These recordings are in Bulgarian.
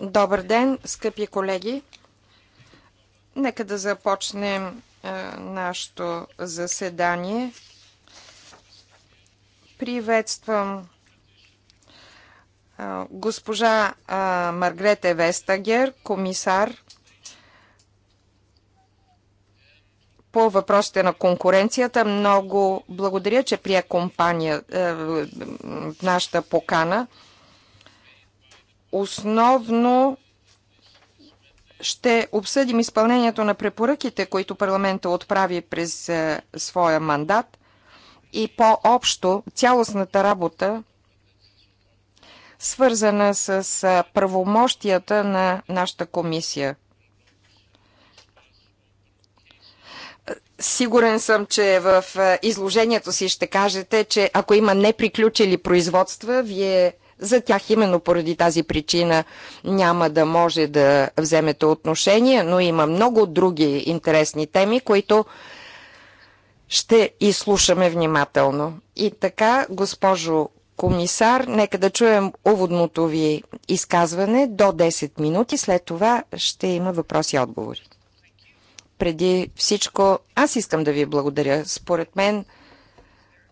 Добър ден, скъпи колеги! Нека да започнем нашето заседание. Приветствам госпожа Маргрете Вестагер, комисар по въпросите на конкуренцията. Много благодаря, че прия компания в нашата покана. Основно ще обсъдим изпълнението на препоръките, които парламента отправи през е, своя мандат и по-общо цялостната работа, свързана с е, правомощията на нашата комисия. Сигурен съм, че в е, изложението си ще кажете, че ако има неприключили производства, вие за тях именно поради тази причина няма да може да вземете отношение, но има много други интересни теми, които ще изслушаме внимателно. И така, госпожо комисар, нека да чуем уводното ви изказване до 10 минути. След това ще има въпроси и отговори. Преди всичко, аз искам да ви благодаря. Според мен,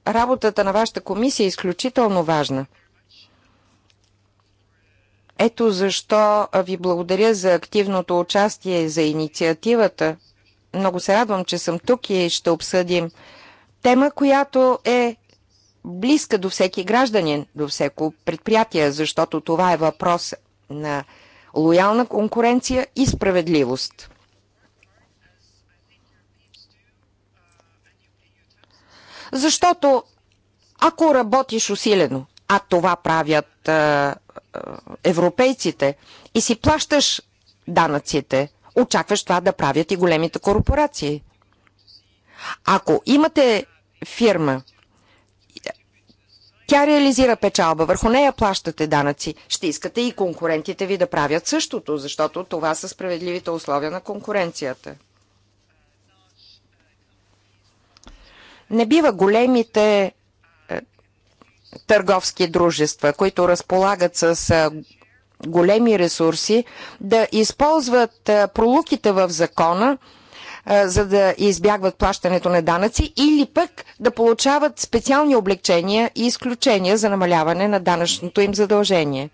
работата на вашата комисия е изключително важна – ето защо ви благодаря за активното участие и за инициативата. Много се радвам, че съм тук и ще обсъдим тема, която е близка до всеки гражданин, до всяко предприятие, защото това е въпрос на лоялна конкуренция и справедливост. Защото ако работиш усилено, а това правят а, европейците, и си плащаш данъците, очакваш това да правят и големите корпорации. Ако имате фирма, тя реализира печалба, върху нея плащате данъци. Ще искате и конкурентите ви да правят същото, защото това са справедливите условия на конкуренцията. Не бива големите търговски дружества, които разполагат с големи ресурси, да използват пролуките в закона, за да избягват плащането на данъци или пък да получават специални облегчения и изключения за намаляване на данъчното им задължение.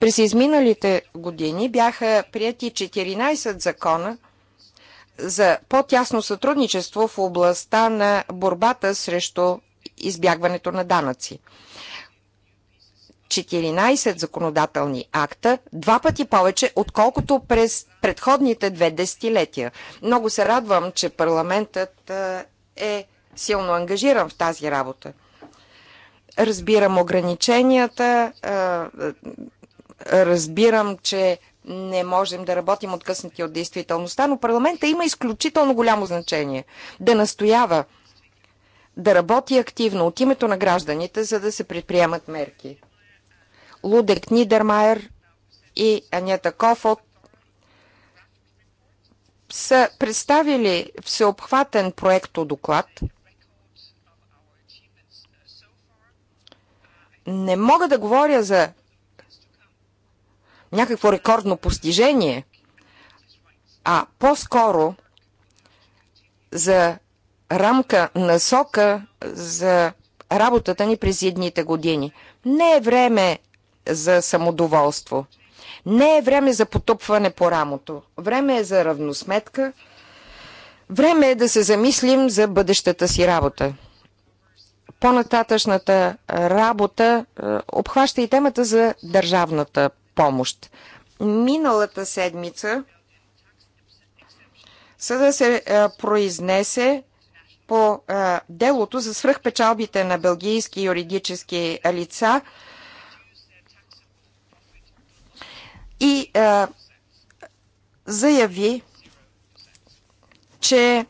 През изминалите години бяха прияти 14 закона за по-тясно сътрудничество в областта на борбата срещу избягването на данъци. 14 законодателни акта, два пъти повече, отколкото през предходните две десетилетия. Много се радвам, че парламентът е силно ангажиран в тази работа. Разбирам ограниченията, разбирам, че не можем да работим откъснати от действителността, но парламента има изключително голямо значение да настоява да работи активно от името на гражданите, за да се предприемат мерки. Лудек Нидермайер и Анята Кофот са представили всеобхватен от доклад. Не мога да говоря за някакво рекордно постижение, а по-скоро за рамка, насока за работата ни през едните години. Не е време за самодоволство. Не е време за потупване по рамото. Време е за равносметка. Време е да се замислим за бъдещата си работа. По-нататъчната работа обхваща и темата за държавната помощ. Миналата седмица съда се произнесе по делото за свръхпечалбите на белгийски юридически лица – и а, е, заяви, че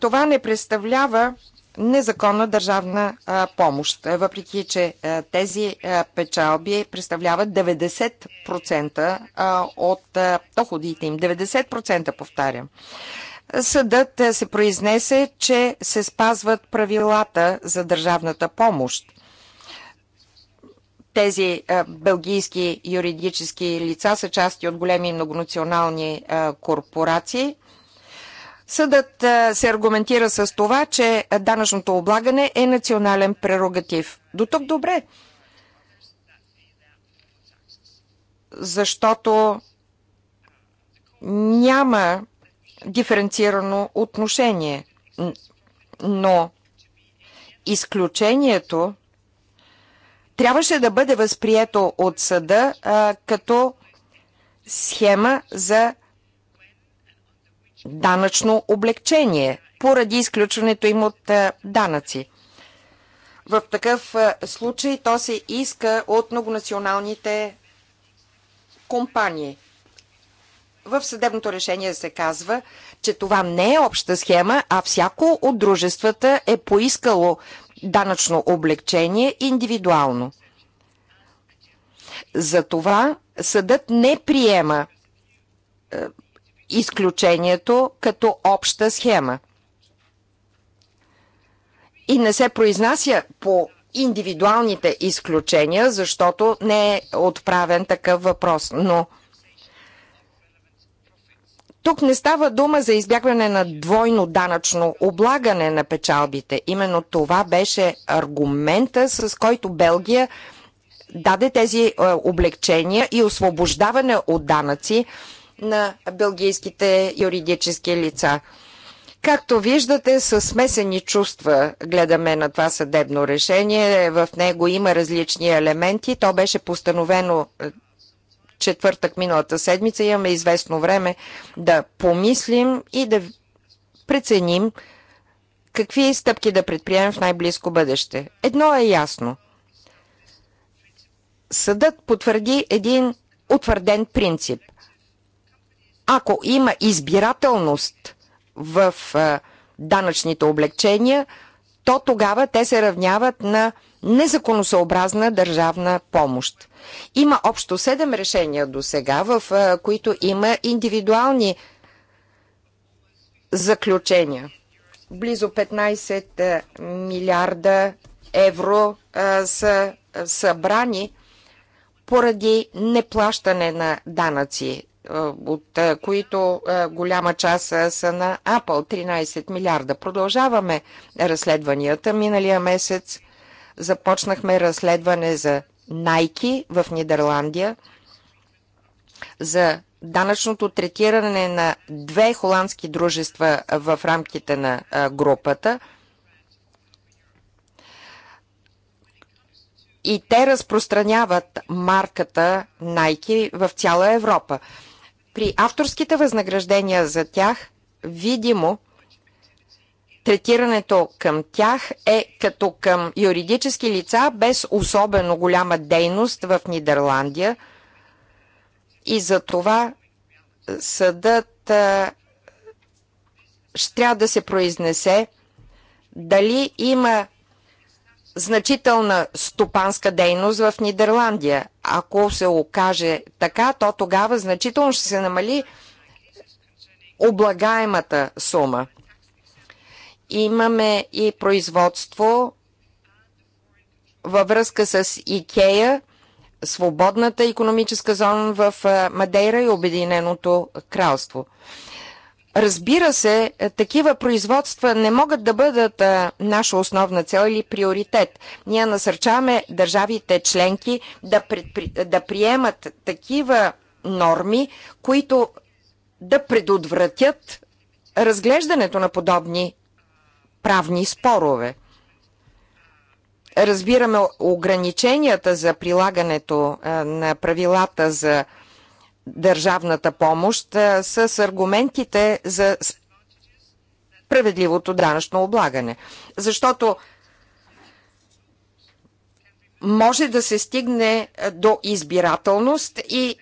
това не представлява незаконна държавна а, е, помощ, е, въпреки че а, тези а, печалби представляват 90% а, от а, доходите им. 90% повтарям. Съдът се произнесе, че се спазват правилата за държавната помощ тези е, белгийски юридически лица са части от големи многонационални е, корпорации. Съдът е, се аргументира с това, че данъчното облагане е национален прерогатив. До тук добре. Защото няма диференцирано отношение. Но изключението трябваше да бъде възприето от съда а, като схема за данъчно облегчение поради изключването им от а, данъци. В такъв а, случай то се иска от многонационалните компании. В съдебното решение се казва, че това не е обща схема, а всяко от дружествата е поискало данъчно облегчение индивидуално. Затова съдът не приема е, изключението като обща схема и не се произнася по индивидуалните изключения, защото не е отправен такъв въпрос. Но тук не става дума за избягване на двойно данъчно облагане на печалбите. Именно това беше аргумента, с който Белгия даде тези е, облегчения и освобождаване от данъци на белгийските юридически лица. Както виждате, с смесени чувства гледаме на това съдебно решение. В него има различни елементи. То беше постановено е, четвъртък миналата седмица. Имаме известно време да помислим и да преценим какви стъпки да предприемем в най-близко бъдеще. Едно е ясно. Съдът потвърди един утвърден принцип. Ако има избирателност в данъчните облегчения, то тогава те се равняват на незаконосъобразна държавна помощ. Има общо 7 решения до сега, в които има индивидуални заключения. Близо 15 милиарда евро са събрани поради неплащане на данъци, от които голяма част са на Apple 13 милиарда. Продължаваме разследванията. Миналия месец започнахме разследване за Найки в Нидерландия за данъчното третиране на две холандски дружества в рамките на групата. И те разпространяват марката Найки в цяла Европа. При авторските възнаграждения за тях видимо – третирането към тях е като към юридически лица без особено голяма дейност в Нидерландия и за това съдът ще трябва да се произнесе дали има значителна стопанска дейност в Нидерландия. Ако се окаже така, то тогава значително ще се намали облагаемата сума. Имаме и производство във връзка с Икея, свободната економическа зона в Мадейра и Обединеното кралство. Разбира се, е, такива производства не могат да бъдат наша основна цел или приоритет. Ние насърчаваме държавите членки да, предпри... да приемат такива норми, които да предотвратят разглеждането на подобни правни спорове. Разбираме ограниченията за прилагането на правилата за държавната помощ с аргументите за справедливото данъчно облагане. Защото може да се стигне до избирателност и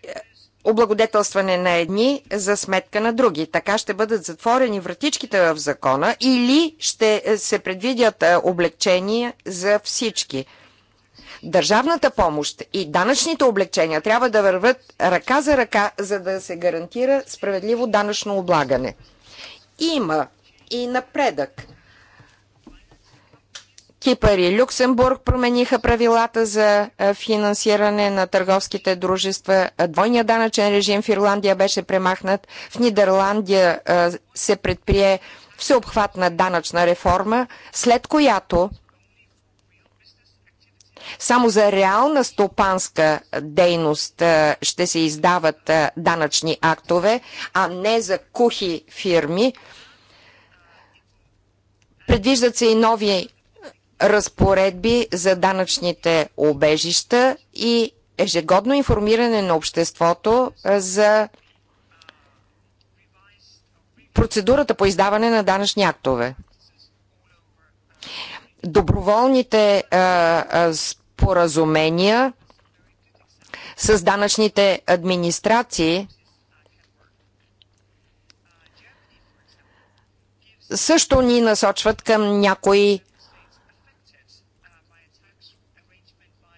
облагодетелстване на едни за сметка на други. Така ще бъдат затворени вратичките в закона или ще е, се предвидят е, облегчения за всички. Държавната помощ и данъчните облегчения трябва да върват ръка за ръка, за да се гарантира справедливо данъчно облагане. Има и напредък Кипър и Люксембург промениха правилата за финансиране на търговските дружества. Двойният данъчен режим в Ирландия беше премахнат. В Нидерландия се предприе всеобхватна данъчна реформа, след която само за реална стопанска дейност ще се издават данъчни актове, а не за кухи фирми. Предвиждат се и нови разпоредби за данъчните обежища и ежегодно информиране на обществото за процедурата по издаване на данъчни актове. Доброволните а, а, споразумения с данъчните администрации също ни насочват към някои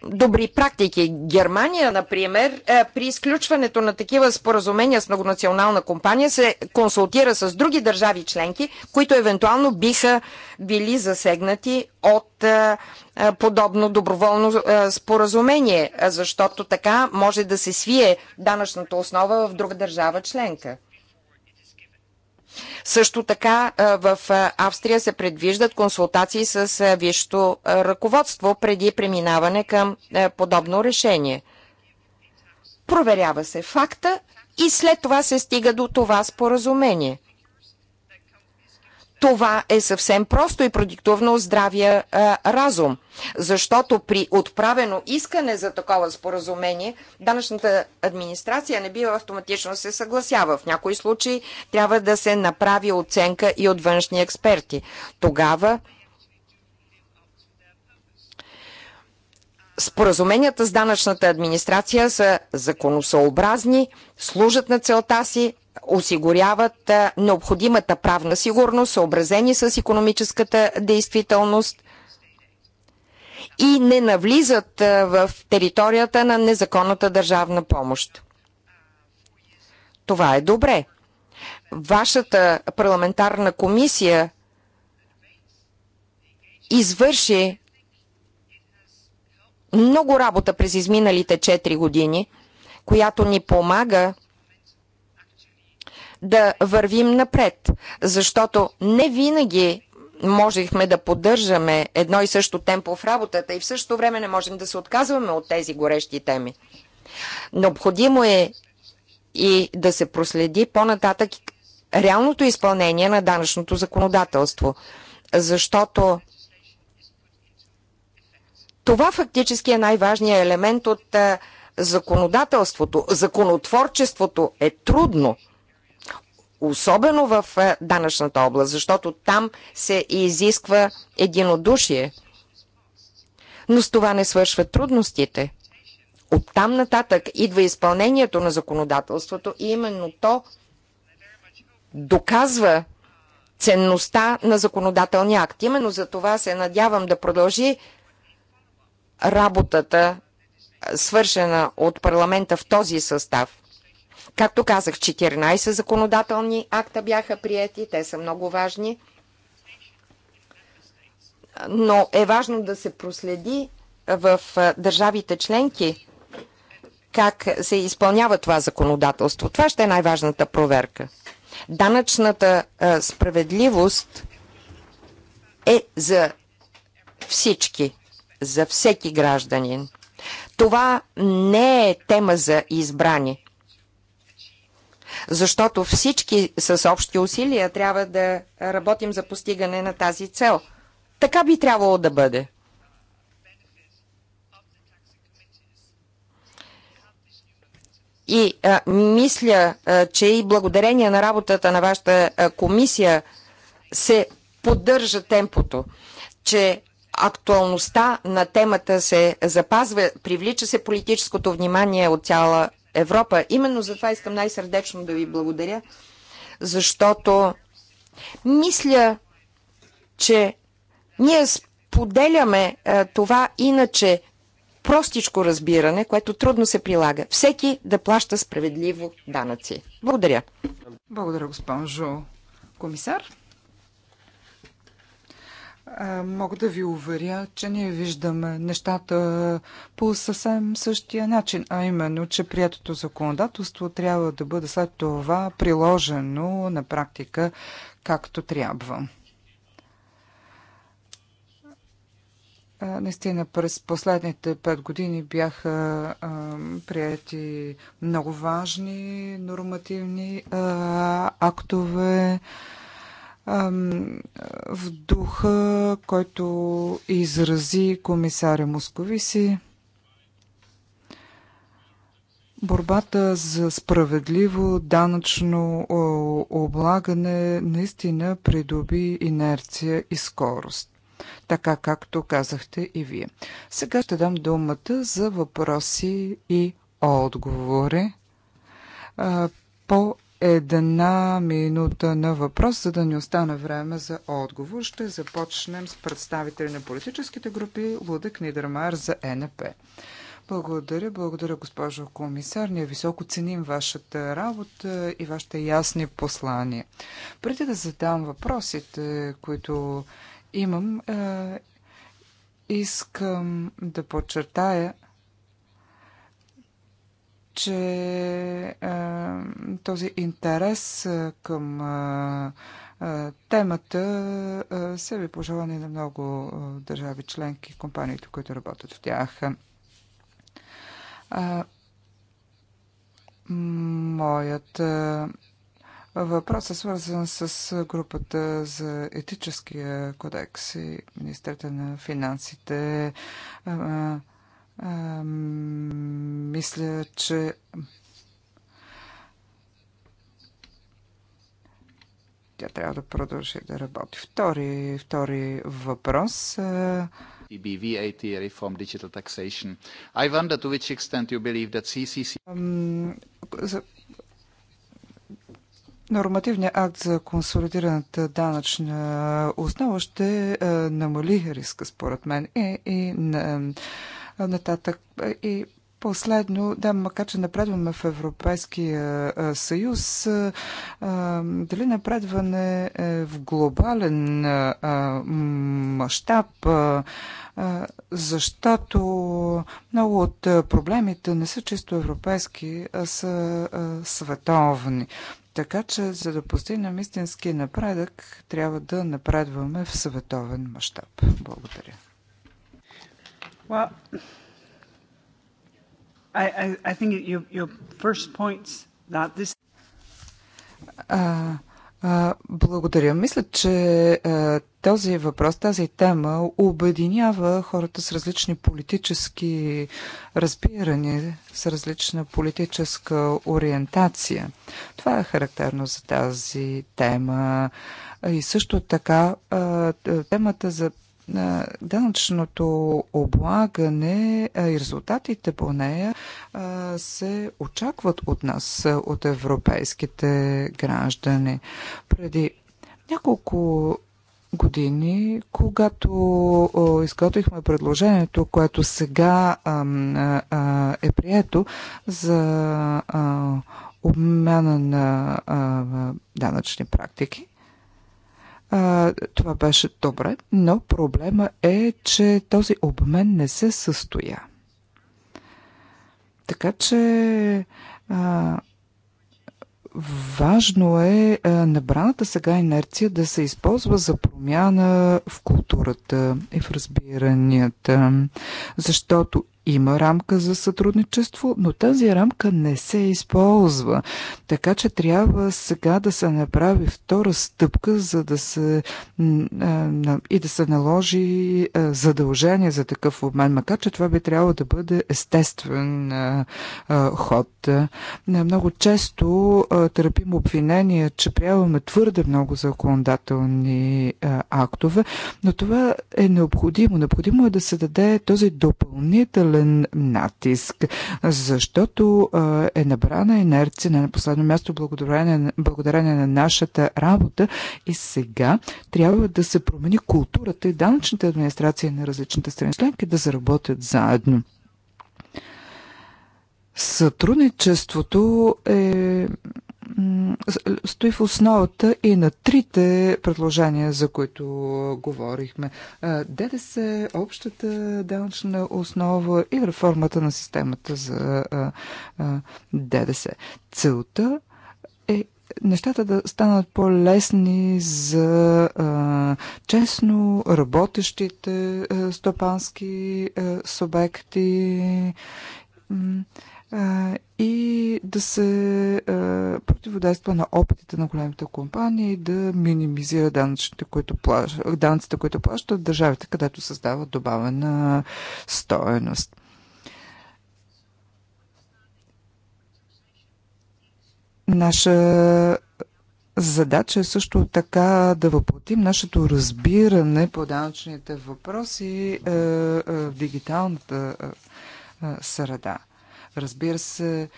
добри практики. Германия, например, е, при изключването на такива споразумения с многонационална компания се консултира с други държави членки, които евентуално биха били засегнати от е, е, подобно доброволно споразумение, защото така може да се свие данъчната основа в друга държава членка. Също така в Австрия се предвиждат консултации с висшето ръководство преди преминаване към подобно решение. Проверява се факта и след това се стига до това споразумение. Това е съвсем просто и продиктовано здравия а, разум, защото при отправено искане за такова споразумение, данъчната администрация не бива автоматично се съгласява. В някои случаи трябва да се направи оценка и от външни експерти. Тогава Споразуменията с данъчната администрация са законосъобразни, служат на целта си осигуряват необходимата правна сигурност, съобразени с економическата действителност и не навлизат в територията на незаконната държавна помощ. Това е добре. Вашата парламентарна комисия извърши много работа през изминалите 4 години, която ни помага да вървим напред, защото не винаги можехме да поддържаме едно и също темпо в работата и в същото време не можем да се отказваме от тези горещи теми. Необходимо е и да се проследи по-нататък реалното изпълнение на данъчното законодателство, защото това фактически е най-важният елемент от законодателството. Законотворчеството е трудно – особено в е, данъчната област, защото там се изисква единодушие. Но с това не свършват трудностите. От там нататък идва изпълнението на законодателството и именно то доказва ценността на законодателния акт. Именно за това се надявам да продължи работата, свършена от парламента в този състав. Както казах, 14 законодателни акта бяха приети, те са много важни, но е важно да се проследи в държавите членки как се изпълнява това законодателство. Това ще е най-важната проверка. Данъчната справедливост е за всички, за всеки гражданин. Това не е тема за избрани. Защото всички с общи усилия трябва да работим за постигане на тази цел. Така би трябвало да бъде. И а, мисля, а, че и благодарение на работата на вашата а, комисия се поддържа темпото, че актуалността на темата се запазва, привлича се политическото внимание от цяла Европа. Именно за това искам най-сърдечно да ви благодаря, защото мисля, че ние споделяме а, е, това иначе простичко разбиране, което трудно се прилага. Всеки да плаща справедливо данъци. Благодаря. Благодаря, госпожо комисар. Мога да ви уверя, че ние виждаме нещата по съвсем същия начин, а именно, че приятото законодателство трябва да бъде след това приложено на практика както трябва. Наистина през последните пет години бяха а, прияти много важни нормативни а, актове. А, в духа, който изрази комисаря Московиси. Борбата за справедливо данъчно облагане наистина придоби инерция и скорост, така както казахте и вие. Сега ще дам думата за въпроси и отговори по една минута на въпрос, за да ни остане време за отговор. Ще започнем с представители на политическите групи Лудък Нидермар за НП. Благодаря, благодаря, госпожо комисар. Ние високо ценим вашата работа и вашите ясни послания. Преди да задам въпросите, които имам, е, искам да подчертая, че а, е, този интерес а, е, към а, е, темата а, се ви пожелани на много а, държави членки, компаниите, които работят в тях. А, моят а, въпрос е свързан с групата за етическия кодекс и министрите на финансите. А, мисля, че тя трябва да продължи да работи. Втори, втори въпрос. VAT reform, digital taxation. I wonder to which extent you believe that CCC... Нормативният акт за консолидираната данъчна основа ще намали риска, според мен, и, и на, нататък. И Последно, да, макар че напредваме в Европейския съюз, дали напредване е в глобален мащаб, защото много от проблемите не са чисто европейски, а са световни. Така че, за да постигнем истински напредък, трябва да напредваме в световен мащаб. Благодаря. Well, I, I, I think your, your first point's not this. Uh, uh, благодаря. Мисля, че uh, този въпрос, тази тема обединява хората с различни политически разбирания, с различна политическа ориентация. Това е характерно за тази тема. И също така темата за на данъчното облагане и резултатите по нея се очакват от нас, от европейските граждани. Преди няколко години, когато изготвихме предложението, което сега е прието за обмяна на данъчни практики, а, това беше добре, но проблема е, че този обмен не се състоя. Така че а, важно е а, набраната сега инерция да се използва за промяна в културата и в разбиранията, защото има рамка за сътрудничество, но тази рамка не се използва. Така че трябва сега да се направи втора стъпка, за да се и да се наложи задължение за такъв обмен, макар че това би трябвало да бъде естествен ход. Много често търпим обвинения, че приемаме твърде много законодателни актове, но това е необходимо. Необходимо е да се даде този допълнителен силен натиск, защото е набрана инерция на последно място благодарение, благодарение на нашата работа и сега трябва да се промени културата и данъчната администрация на различните страни членки да заработят заедно. Сътрудничеството е стои в основата и на трите предложения, за които говорихме. ДДС, общата данъчна основа и реформата на системата за ДДС. Целта е нещата да станат по-лесни за честно работещите стопански субекти и да се противодейства на опитите на големите компании да минимизира данъците, които плащат, данъците, които плащат държавите, където създават добавена стоеност. Наша задача е също така да въплатим нашето разбиране по данъчните въпроси в дигиталната среда. Разбира се,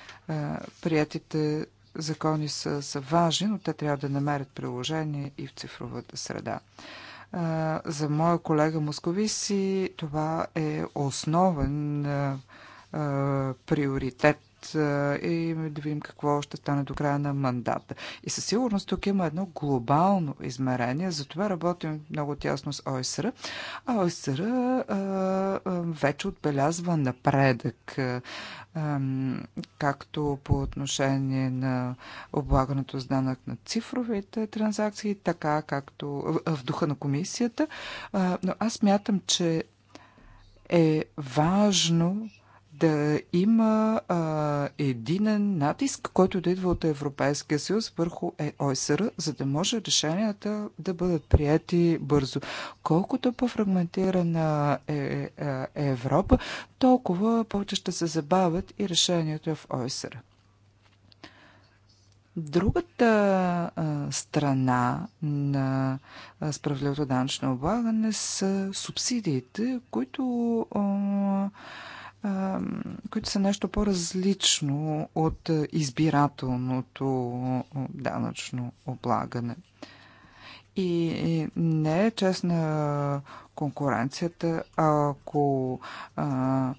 приятите закони са, са важни, но те трябва да намерят приложение и в цифровата среда. За моя колега Московиси това е основен приоритет и да видим какво ще стане до края на мандата. И със сигурност тук има едно глобално измерение, затова работим много тясно с ОСР. А ОСР вече отбелязва напредък както по отношение на облагането с данък на цифровите транзакции, така както в духа на комисията. Но аз мятам, че е важно да има а, единен натиск, който да идва от Европейския съюз върху ОСР, за да може решенията да бъдат прияти бързо. Колкото по-фрагментирана е, е, е Европа, толкова повече ще се забавят и решенията в ОСР. Другата а, страна на справедливото данъчно облагане са субсидиите, които а, които са нещо по-различно от избирателното данъчно облагане. И не е честна конкуренцията, ако а,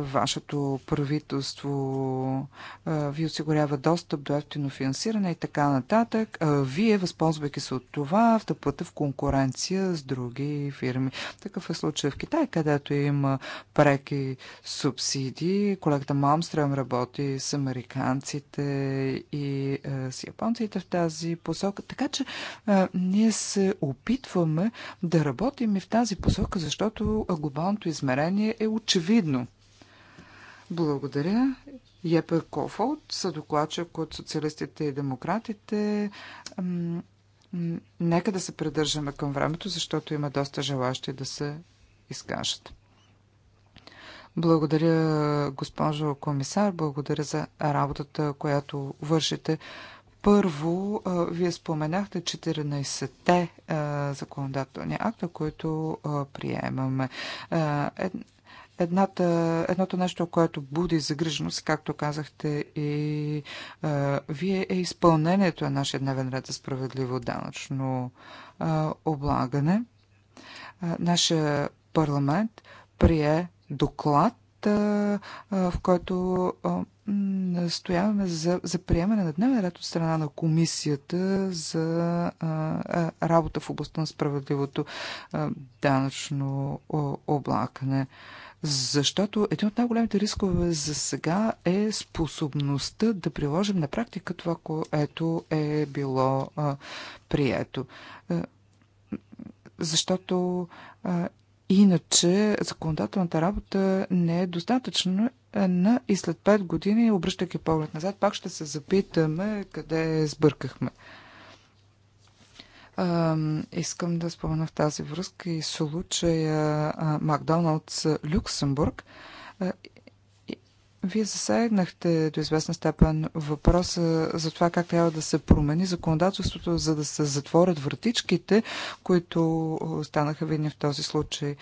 вашето правителство ви осигурява достъп до ефтино финансиране и така нататък. Вие, възползвайки се от това, встъпвате в конкуренция с други фирми. Такъв е случай в Китай, където има преки субсидии. Колегата Малмстрем работи с американците и с японците в тази посока. Така че ние се опитваме да работим и в тази посока, защото глобалното измерение е очевидно. Благодаря. Епе Кофолд, съдокладчик от социалистите и демократите. Нека да се придържаме към времето, защото има доста желащи да се изкажат. Благодаря, госпожо комисар, благодаря за работата, която вършите. Първо, вие споменахте 14-те законодателни акта, които приемаме. Едната, едното нещо, което буди загриженост, както казахте и а, вие, е изпълнението на нашия дневен ред за справедливо данъчно а, облагане. А, нашия парламент прие доклад, а, а, в който а, настояваме за, за приемане на дневен ред от страна на комисията за а, работа в областта на справедливото а, данъчно облагане. А, защото един от най-големите рискове за сега е способността да приложим на практика това, което е било а, прието. А, защото а, иначе законодателната работа не е достатъчна на и след 5 години, обръщайки поглед назад, пак ще се запитаме къде сбъркахме. А, искам да спомена в тази връзка и случая Макдоналдс Люксембург. Вие засегнахте до известна степен въпроса за това как трябва да се промени законодателството, за да се затворят вратичките, които станаха видни в този случай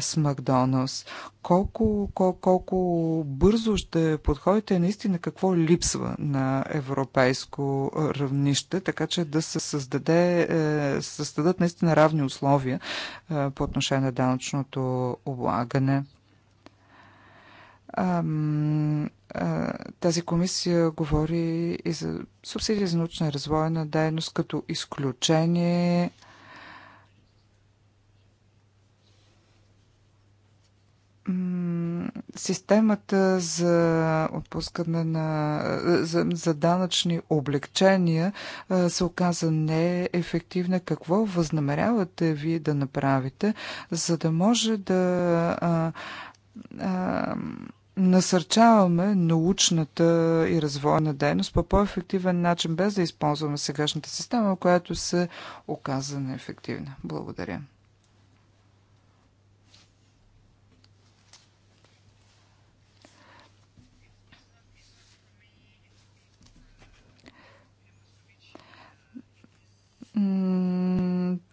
с Макдоналдс. Колко, кол, колко бързо ще подходите наистина какво липсва на европейско равнище, така че да се създаде, е, създадат наистина равни условия по отношение на данъчното облагане? тази комисия говори и за субсидия за научна развойна дейност като изключение. Системата за отпускане на за, за данъчни облегчения се оказа неефективна. Какво възнамерявате вие да направите, за да може да а, а, насърчаваме научната и развойна дейност по по-ефективен начин, без да използваме сегашната система, която се оказа неефективна. Благодаря.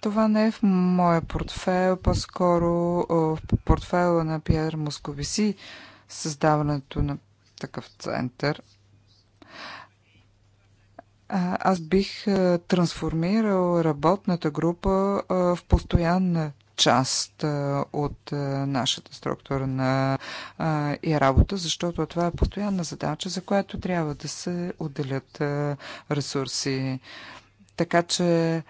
Това не е в моя портфел по-скоро в портфела на Пьер Московиси създаването на такъв център. Аз бих трансформирал работната група в постоянна част от нашата структура на и работа, защото това е постоянна задача, за която трябва да се отделят ресурси. Така че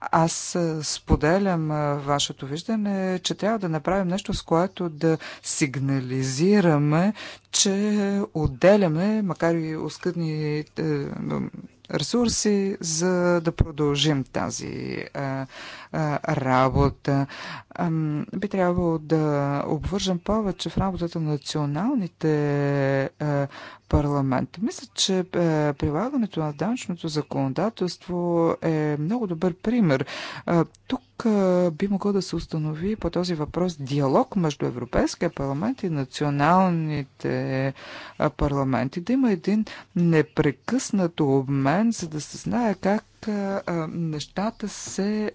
аз споделям вашето виждане, че трябва да направим нещо, с което да сигнализираме, че отделяме, макар и оскъдни е, ресурси, за да продължим тази а, е, работа. Би трябвало да обвържем повече в работата на националните парламенти. Мисля, че прилагането на данъчното законодателство е много добър пример. Тук би могло да се установи по този въпрос диалог между Европейския парламент и националните парламенти, да има един непрекъснат обмен, за да се знае как нещата се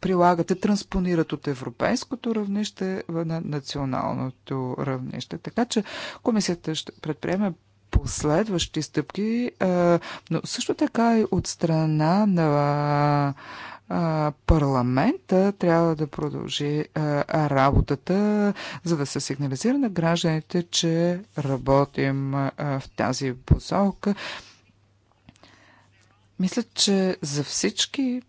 прилагат, и транспонират от европейското равнище на националното равнище. Така че комисията ще предприеме последващи стъпки, но също така и от страна на парламента трябва да продължи работата, за да се сигнализира на гражданите, че работим в тази посока. Мисля, че за всички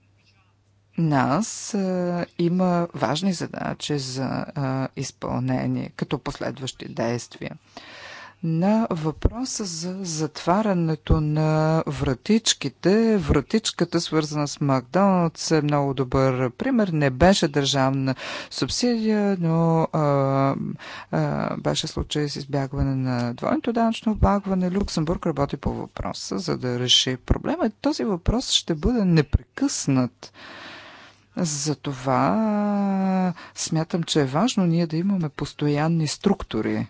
нас а, има важни задачи за а, изпълнение, като последващи действия на въпроса за затварянето на вратичките. Вратичката, свързана с Макдоналдс, е много добър пример. Не беше държавна субсидия, но а, а, беше случай с избягване на двойното данъчно облагване. Люксембург работи по въпроса, за да реши проблема. Този въпрос ще бъде непрекъснат. Затова смятам, че е важно ние да имаме постоянни структури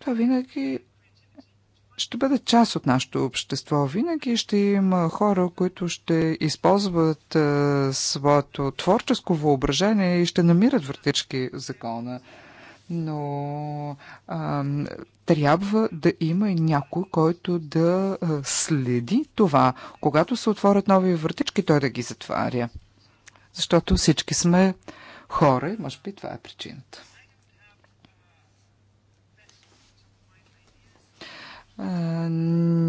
това винаги ще бъде част от нашето общество. Винаги ще има хора, които ще използват а, е, своето творческо въображение и ще намират въртички в закона. Но а, е, трябва да има и някой, който да а, е, следи това. Когато се отворят нови въртички, той да ги затваря. Защото всички сме хора и може би това е причината.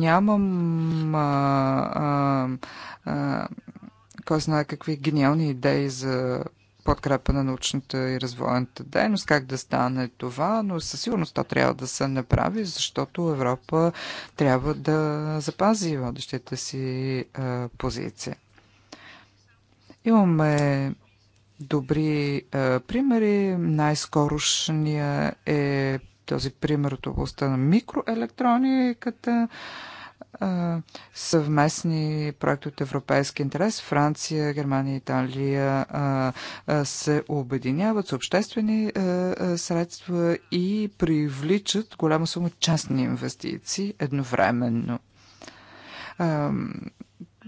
нямам а, а, кой знае какви гениални идеи за подкрепа на научната и развойната дейност, как да стане това, но със сигурност то трябва да се направи, защото Европа трябва да запази водещите си а, позиция. Имаме добри а, примери. Най-скорошния е този пример от областта на микроелектрониката, съвместни проекти от европейски интерес. Франция, Германия, Италия се обединяват с обществени средства и привличат голяма сума частни инвестиции едновременно.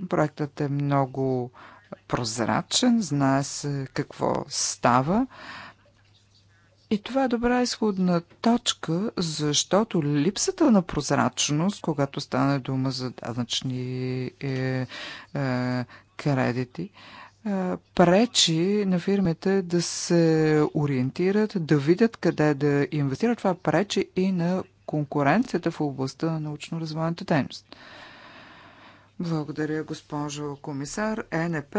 Проектът е много прозрачен, знае се какво става. И това е добра изходна точка, защото липсата на прозрачност, когато стане дума за данъчни е, е, кредити, е, пречи на фирмите да се ориентират, да видят къде да инвестират. Това пречи и на конкуренцията в областта на научно-развойната дейност. Благодаря, госпожо комисар. Е НП,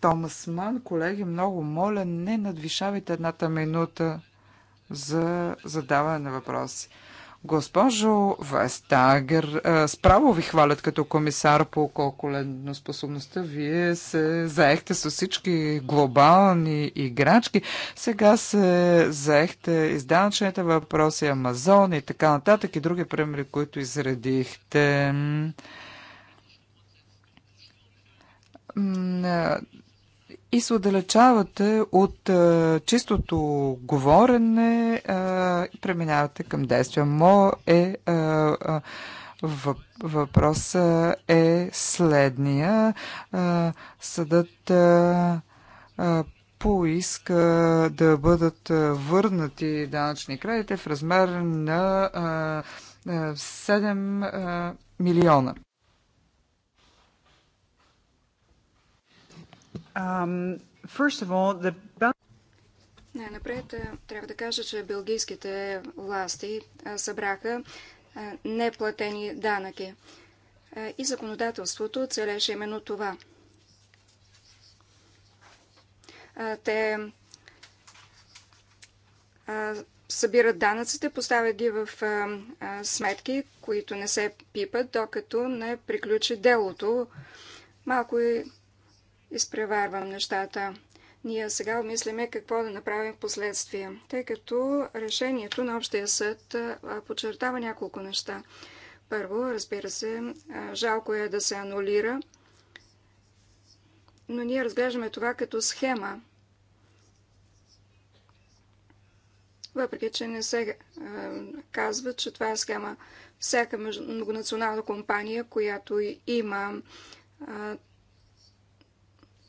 Томас Ман, колеги, много моля, не надвишавайте едната минута за задаване на въпроси. Госпожо Вестагер, е, справо ви хвалят като комисар по колколедно способността. Вие се заехте с всички глобални играчки. Сега се заехте изданъчните въпроси, Амазон и така нататък и други примери, които изредихте. Е, и се отдалечавате от а, е, чистото говорене а, е, и преминавате към действия. Мо е, е въпросът е следния. А, съдът а, а, поиска да бъдат върнати данъчни кредити в размер на а, 7 а, милиона. Най-напред е, трябва да кажа, че белгийските власти е, събраха е, неплатени данъки. И законодателството целеше именно това. Те събират данъците, поставят ги в сметки, които не се пипат, докато не приключи делото. Малко и изпреварвам нещата. Ние сега обмисляме какво да направим в последствие, тъй като решението на Общия съд подчертава няколко неща. Първо, разбира се, жалко е да се анулира, но ние разглеждаме това като схема. Въпреки, че не се казва, че това е схема. Всяка многонационална компания, която има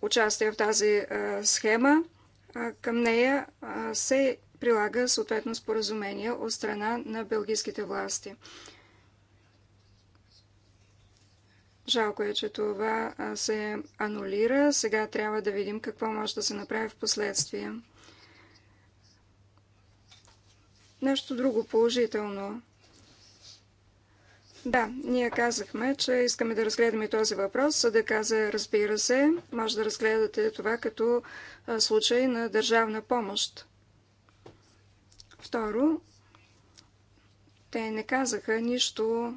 участие в тази схема, към нея се прилага съответно споразумение от страна на белгийските власти. Жалко е, че това се анулира. Сега трябва да видим какво може да се направи в последствие. Нещо друго положително. Да, ние казахме, че искаме да разгледаме този въпрос. Съда каза, разбира се, може да разгледате това като случай на държавна помощ. Второ, те не казаха нищо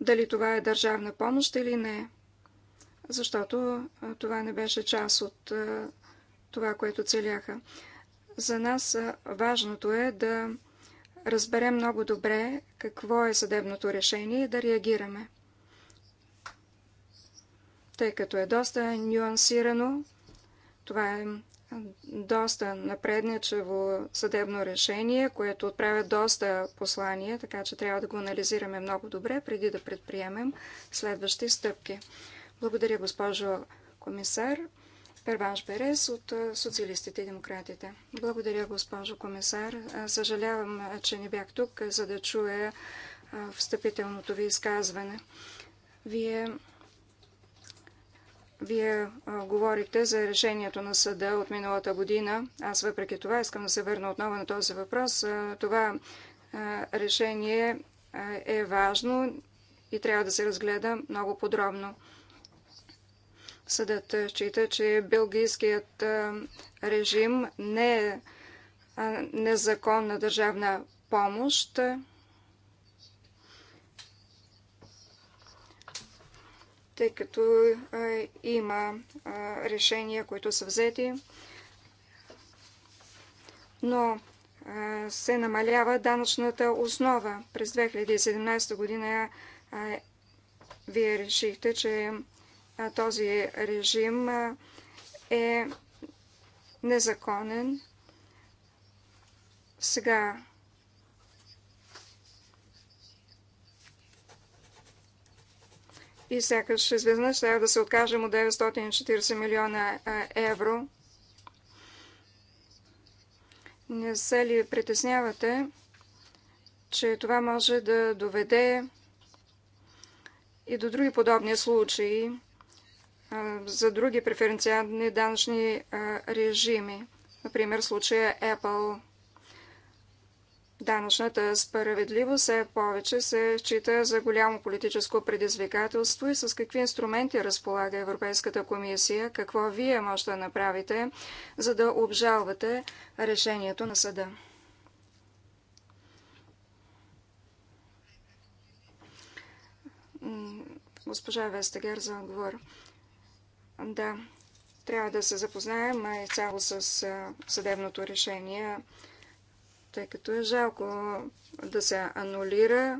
дали това е държавна помощ или не, защото това не беше част от това, което целяха. За нас важното е да разберем много добре какво е съдебното решение и да реагираме. Тъй като е доста нюансирано, това е доста напредничево съдебно решение, което отправя доста послания, така че трябва да го анализираме много добре, преди да предприемем следващи стъпки. Благодаря, госпожо комисар. Първанш Берес от Социалистите и демократите. Благодаря, госпожо комисар. Съжалявам, че не бях тук, за да чуя встъпителното ви изказване. Вие, вие говорите за решението на съда от миналата година. Аз въпреки това искам да се върна отново на този въпрос. Това решение е важно и трябва да се разгледа много подробно. Съдът е, счита, че белгийският е, режим не е, е незаконна държавна помощ. тъй като има решения, които са взети, но се намалява данъчната основа. През 2017 година вие решихте, че този режим е незаконен. Сега и сякаш изведнъж трябва да се откажем от 940 милиона евро. Не се ли притеснявате, че това може да доведе и до други подобни случаи? за други преференциални данъчни режими. Например, случая Apple. Данъчната справедливост все повече се счита за голямо политическо предизвикателство и с какви инструменти разполага Европейската комисия, какво вие можете да направите, за да обжалвате решението на съда. Госпожа Вестегер за отговор. Да, трябва да се запознаем и цяло с съдебното решение, тъй като е жалко да се анулира,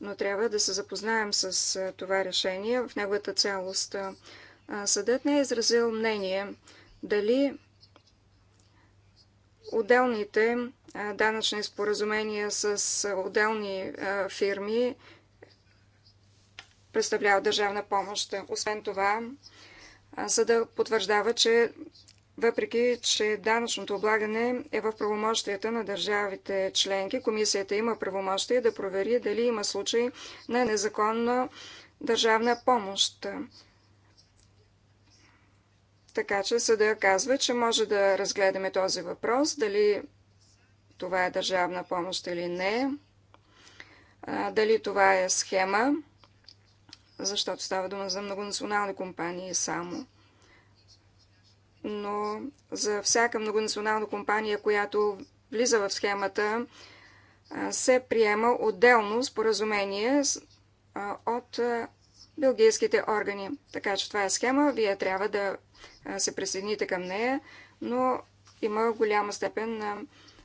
но трябва да се запознаем с това решение в неговата цялост. Съдът не е изразил мнение дали отделните данъчни споразумения с отделни фирми представляват държавна помощ. Освен това, за да потвърждава, че въпреки, че данъчното облагане е в правомощията на държавите членки, комисията има правомощие да провери дали има случай на незаконна държавна помощ. Така че съда казва, че може да разгледаме този въпрос, дали това е държавна помощ или не, дали това е схема защото става дума за многонационални компании само. Но за всяка многонационална компания, която влиза в схемата, се приема отделно споразумение от белгийските органи. Така че това е схема, вие трябва да се присъедините към нея, но има голяма степен на,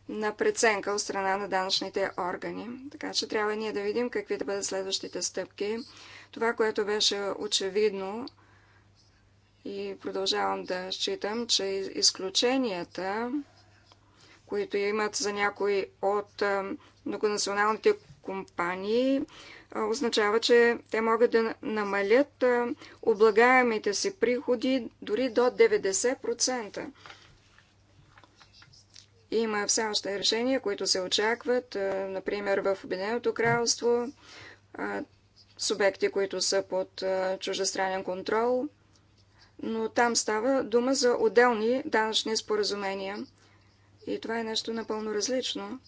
на преценка от страна на данъчните органи. Така че трябва ние да видим какви да бъдат следващите стъпки. Това, което беше очевидно и продължавам да считам, че изключенията, които имат за някои от многонационалните компании, означава, че те могат да намалят облагаемите си приходи дори до 90%. Има все още решения, които се очакват, например в Обединеното кралство субекти, които са под чуждестранен контрол, но там става дума за отделни данъчни споразумения. И това е нещо напълно различно.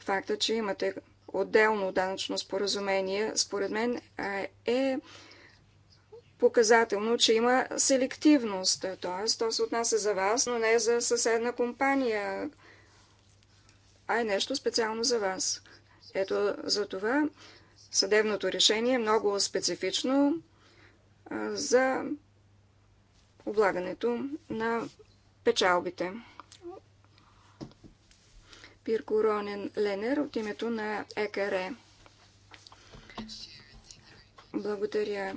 Факта, че имате отделно данъчно споразумение, според мен е показателно, че има селективност. Т.е. то се отнася за вас, но не за съседна компания, а е нещо специално за вас. Ето за това съдебното решение е много специфично за облагането на печалбите. Пирко Ронен Ленер от името на ЕКР. Благодаря.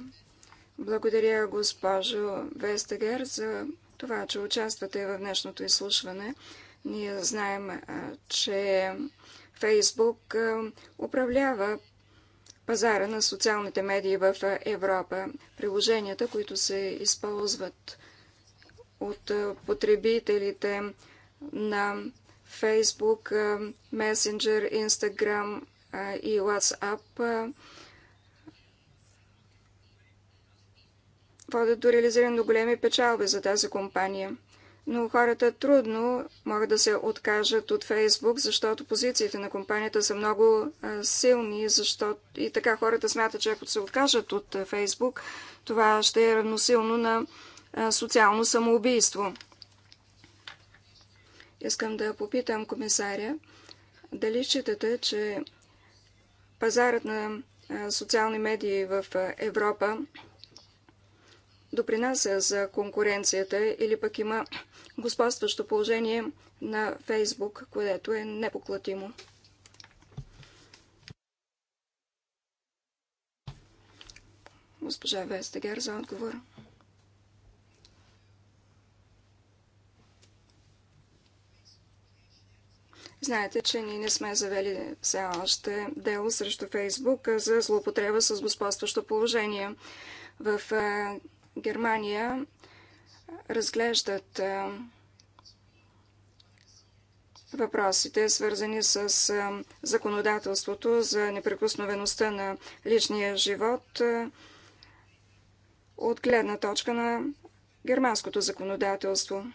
Благодаря, госпожо Вестегер, за това, че участвате в днешното изслушване. Ние знаем, че Фейсбук управлява пазара на социалните медии в Европа. Приложенията, които се използват от потребителите на Facebook, Messenger, Instagram и WhatsApp, водят до реализиране на големи печалби за тази компания но хората трудно могат да се откажат от Фейсбук, защото позициите на компанията са много силни, защото и така хората смятат, че ако се откажат от Фейсбук, това ще е равносилно на социално самоубийство. Искам да попитам комисаря, дали считате, че пазарът на социални медии в Европа допринася за конкуренцията или пък има господстващо положение на Фейсбук, което е непоклатимо. Госпожа Вестегер за отговор. Знаете, че ние не сме завели все още дело срещу Фейсбук за злоупотреба с господстващо положение. В Германия разглеждат въпросите, свързани с законодателството за неприкосновеността на личния живот от гледна точка на германското законодателство.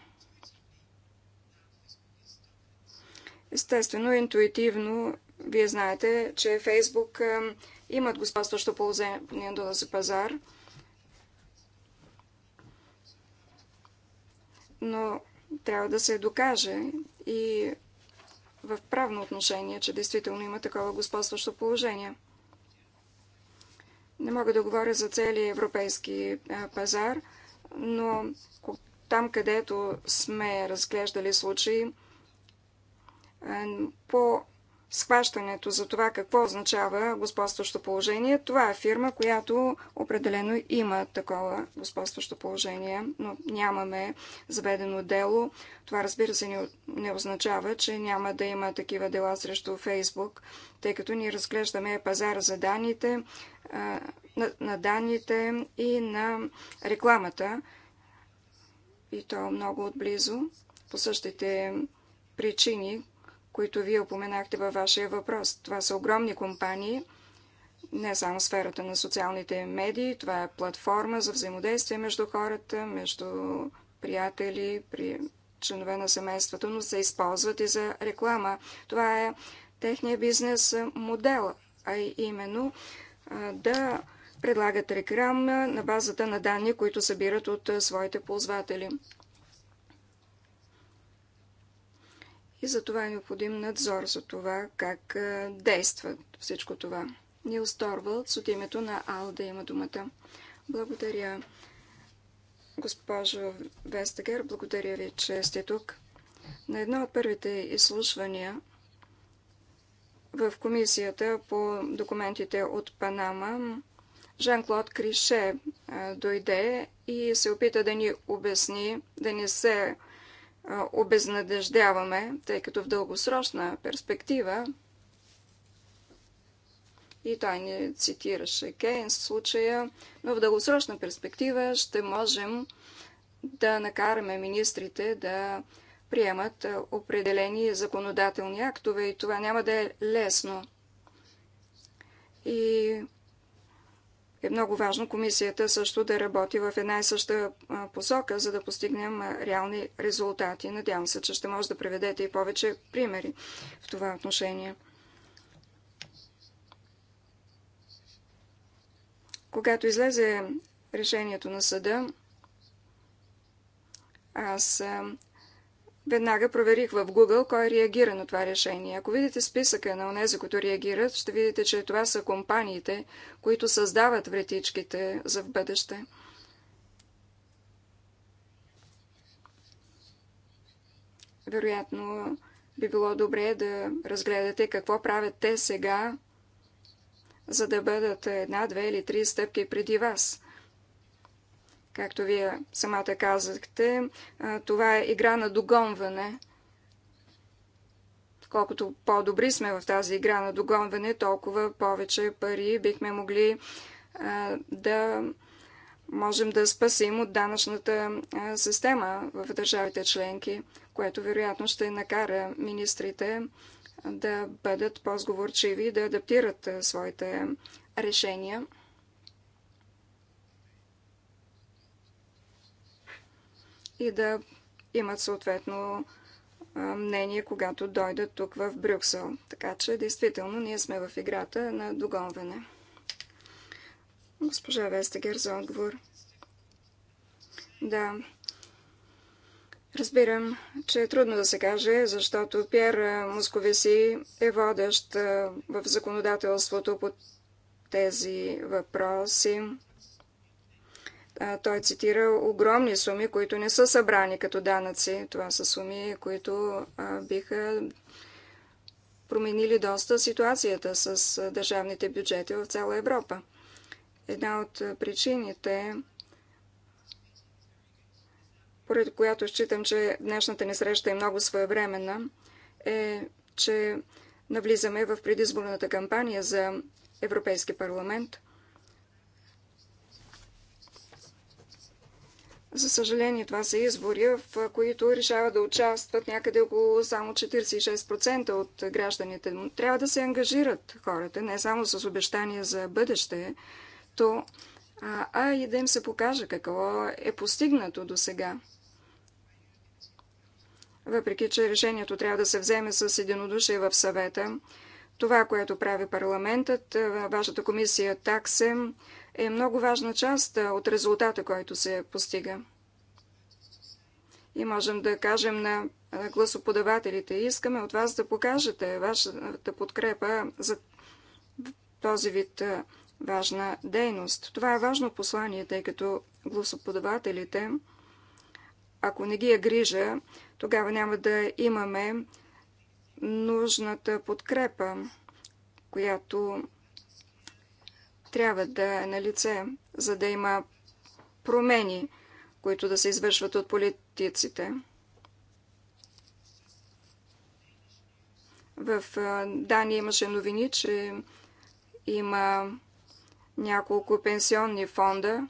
Естествено, интуитивно, вие знаете, че Фейсбук имат господстващо положение до този пазар – но трябва да се докаже и в правно отношение, че действително има такова господстващо положение. Не мога да говоря за цели европейски пазар, но там, където сме разглеждали случаи, по схващането за това какво означава господстващо положение. Това е фирма, която определено има такова господстващо положение, но нямаме заведено дело. Това разбира се не, означава, че няма да има такива дела срещу Фейсбук, тъй като ние разглеждаме пазара за данните, на, на данните и на рекламата и то много отблизо по същите причини, които вие упоменахте във вашия въпрос. Това са огромни компании, не само сферата на социалните медии, това е платформа за взаимодействие между хората, между приятели, при членове на семейството, но се използват и за реклама. Това е техния бизнес модел, а именно да предлагат реклама на базата на данни, които събират от своите ползватели. И за това е необходим надзор за това как действа всичко това. Нил Торвалдс от името на Алда има думата. Благодаря, госпожо Вестегер. Благодаря ви, че сте тук. На едно от първите изслушвания в комисията по документите от Панама Жан-Клод Крише дойде и се опита да ни обясни, да не се обезнадеждяваме, тъй като в дългосрочна перспектива и той ни цитираше Кейнс в случая, но в дългосрочна перспектива ще можем да накараме министрите да приемат определени законодателни актове и това няма да е лесно. И е много важно комисията също да работи в една и съща посока, за да постигнем реални резултати. Надявам се, че ще може да приведете и повече примери в това отношение. Когато излезе решението на съда, аз Веднага проверих в Google кой е реагира на това решение. Ако видите списъка на онези, които реагират, ще видите, че това са компаниите, които създават вретичките за в бъдеще. Вероятно би било добре да разгледате какво правят те сега, за да бъдат една, две или три стъпки преди вас. Както вие самата казахте, това е игра на догонване. Колкото по-добри сме в тази игра на догонване, толкова повече пари бихме могли да можем да спасим от данъчната система в държавите членки, което вероятно ще накара министрите да бъдат по-сговорчиви, да адаптират своите решения. и да имат съответно мнение, когато дойдат тук в Брюксел. Така че, действително, ние сме в играта на догонване. Госпожа Вестегер за отговор. Да. Разбирам, че е трудно да се каже, защото Пьер Московеси е водещ в законодателството по тези въпроси. Той цитира огромни суми, които не са събрани като данъци. Това са суми, които биха променили доста ситуацията с държавните бюджети в цяла Европа. Една от причините, поради която считам, че днешната ни среща е много своевременна, е, че навлизаме в предизборната кампания за Европейски парламент – За съжаление, това са избори, в които решават да участват някъде около само 46% от гражданите. Но трябва да се ангажират хората, не само с обещания за бъдеще, то, а, а и да им се покаже какво е постигнато до сега. Въпреки, че решението трябва да се вземе с единодушие в съвета, това, което прави парламентът, вашата комисия таксем, е много важна част от резултата, който се постига. И можем да кажем на гласоподавателите, искаме от вас да покажете вашата подкрепа за този вид важна дейност. Това е важно послание, тъй като гласоподавателите, ако не ги е грижа, тогава няма да имаме нужната подкрепа, която трябва да е на лице, за да има промени, които да се извършват от политиците. В Дания имаше новини, че има няколко пенсионни фонда,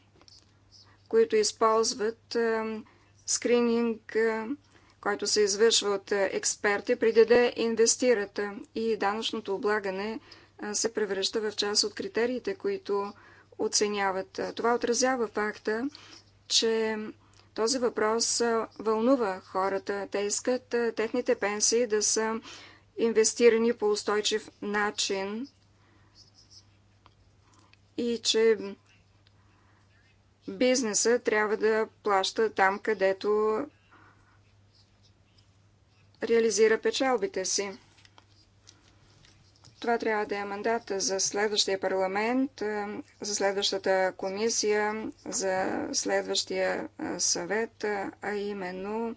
които използват скрининг, който се извършва от експерти преди да инвестират. И данъчното облагане – се превръща в част от критериите, които оценяват. Това отразява факта, че този въпрос вълнува хората. Те искат техните пенсии да са инвестирани по устойчив начин и че бизнеса трябва да плаща там, където реализира печалбите си. Това трябва да е мандат за следващия парламент, е, за следващата комисия, за следващия е, съвет, е, а именно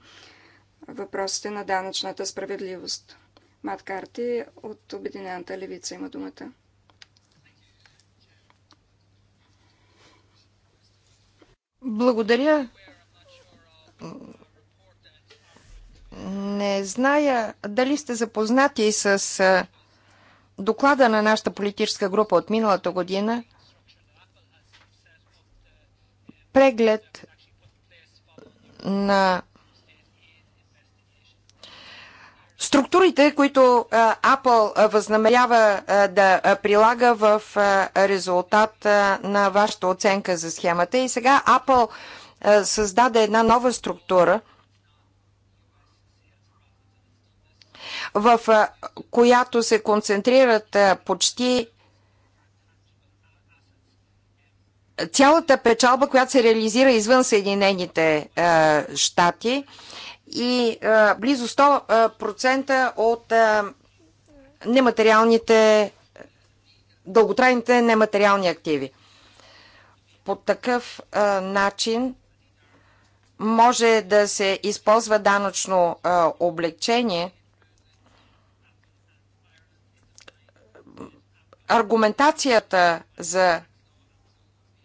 въпросите на данъчната справедливост. Мат Карти от Обединената левица има думата. Благодаря. Не зная дали сте запознати с доклада на нашата политическа група от миналата година преглед на структурите, които Apple възнамерява да прилага в резултат на вашата оценка за схемата. И сега Apple създаде една нова структура – в която се концентрират почти цялата печалба, която се реализира извън Съединените щати и близо 100% от нематериалните, дълготрайните нематериални активи. По такъв начин може да се използва данъчно облегчение аргументацията за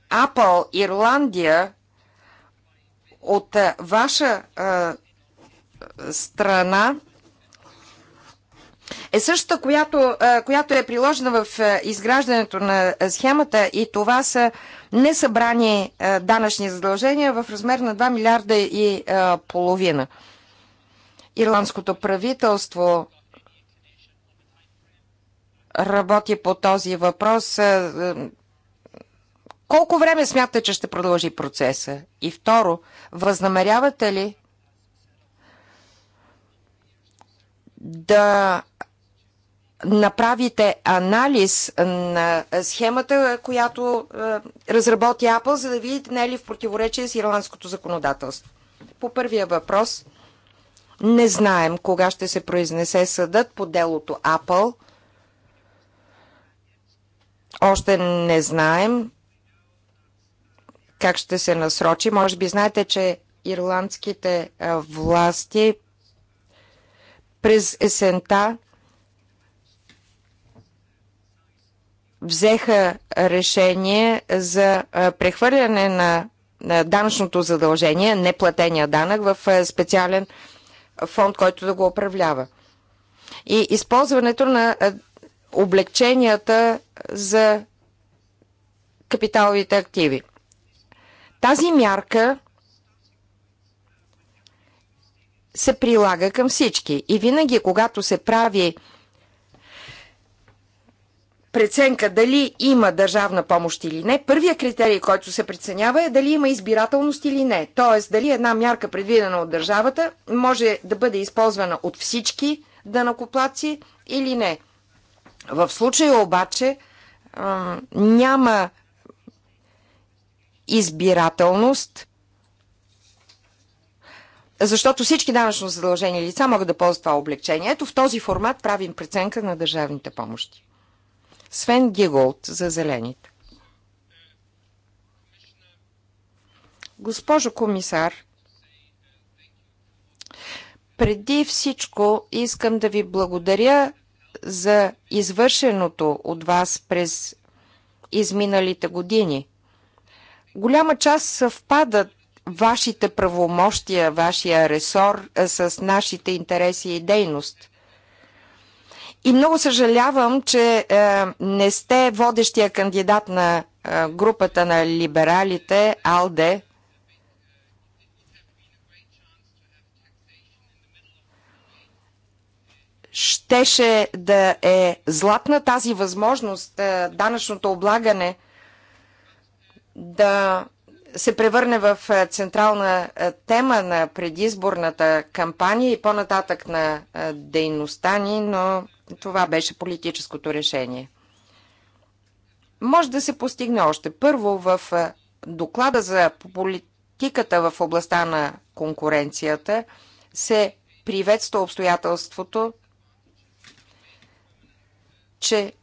Apple Ирландия от ваша страна е същата, която, която е приложена в изграждането на схемата и това са несъбрани данъчни задължения в размер на 2 милиарда и половина. Ирландското правителство работи по този въпрос. Колко време смятате, че ще продължи процеса? И второ, възнамерявате ли да направите анализ на схемата, която разработи Apple, за да видите не е ли в противоречие с ирландското законодателство? По първия въпрос, не знаем кога ще се произнесе съдът по делото Apple – още не знаем как ще се насрочи. Може би знаете, че ирландските власти през есента взеха решение за прехвърляне на, данъчното задължение, неплатения данък, в специален фонд, който да го управлява. И използването на облегченията за капиталовите активи. Тази мярка се прилага към всички. И винаги, когато се прави преценка дали има държавна помощ или не, първия критерий, който се преценява е дали има избирателност или не. Тоест, дали една мярка, предвидена от държавата, може да бъде използвана от всички данакоплаци или не. В случая обаче, а, няма избирателност, защото всички данъчно задължени лица могат да ползват това облегчение. Ето в този формат правим преценка на държавните помощи. Свен Гиголт за зелените. Госпожо комисар, преди всичко искам да ви благодаря за извършеното от вас през изминалите години. Голяма част съвпадат вашите правомощия, вашия ресор с нашите интереси и дейност. И много съжалявам, че е, не сте водещия кандидат на е, групата на либералите, АЛДЕ, щеше да е златна тази възможност е, данъчното облагане да се превърне в е, централна е, тема на предизборната кампания и по-нататък на дейността ни, но това беше политическото решение. Може да се постигне още. Първо в доклада за политиката в областта на конкуренцията се приветства обстоятелството, че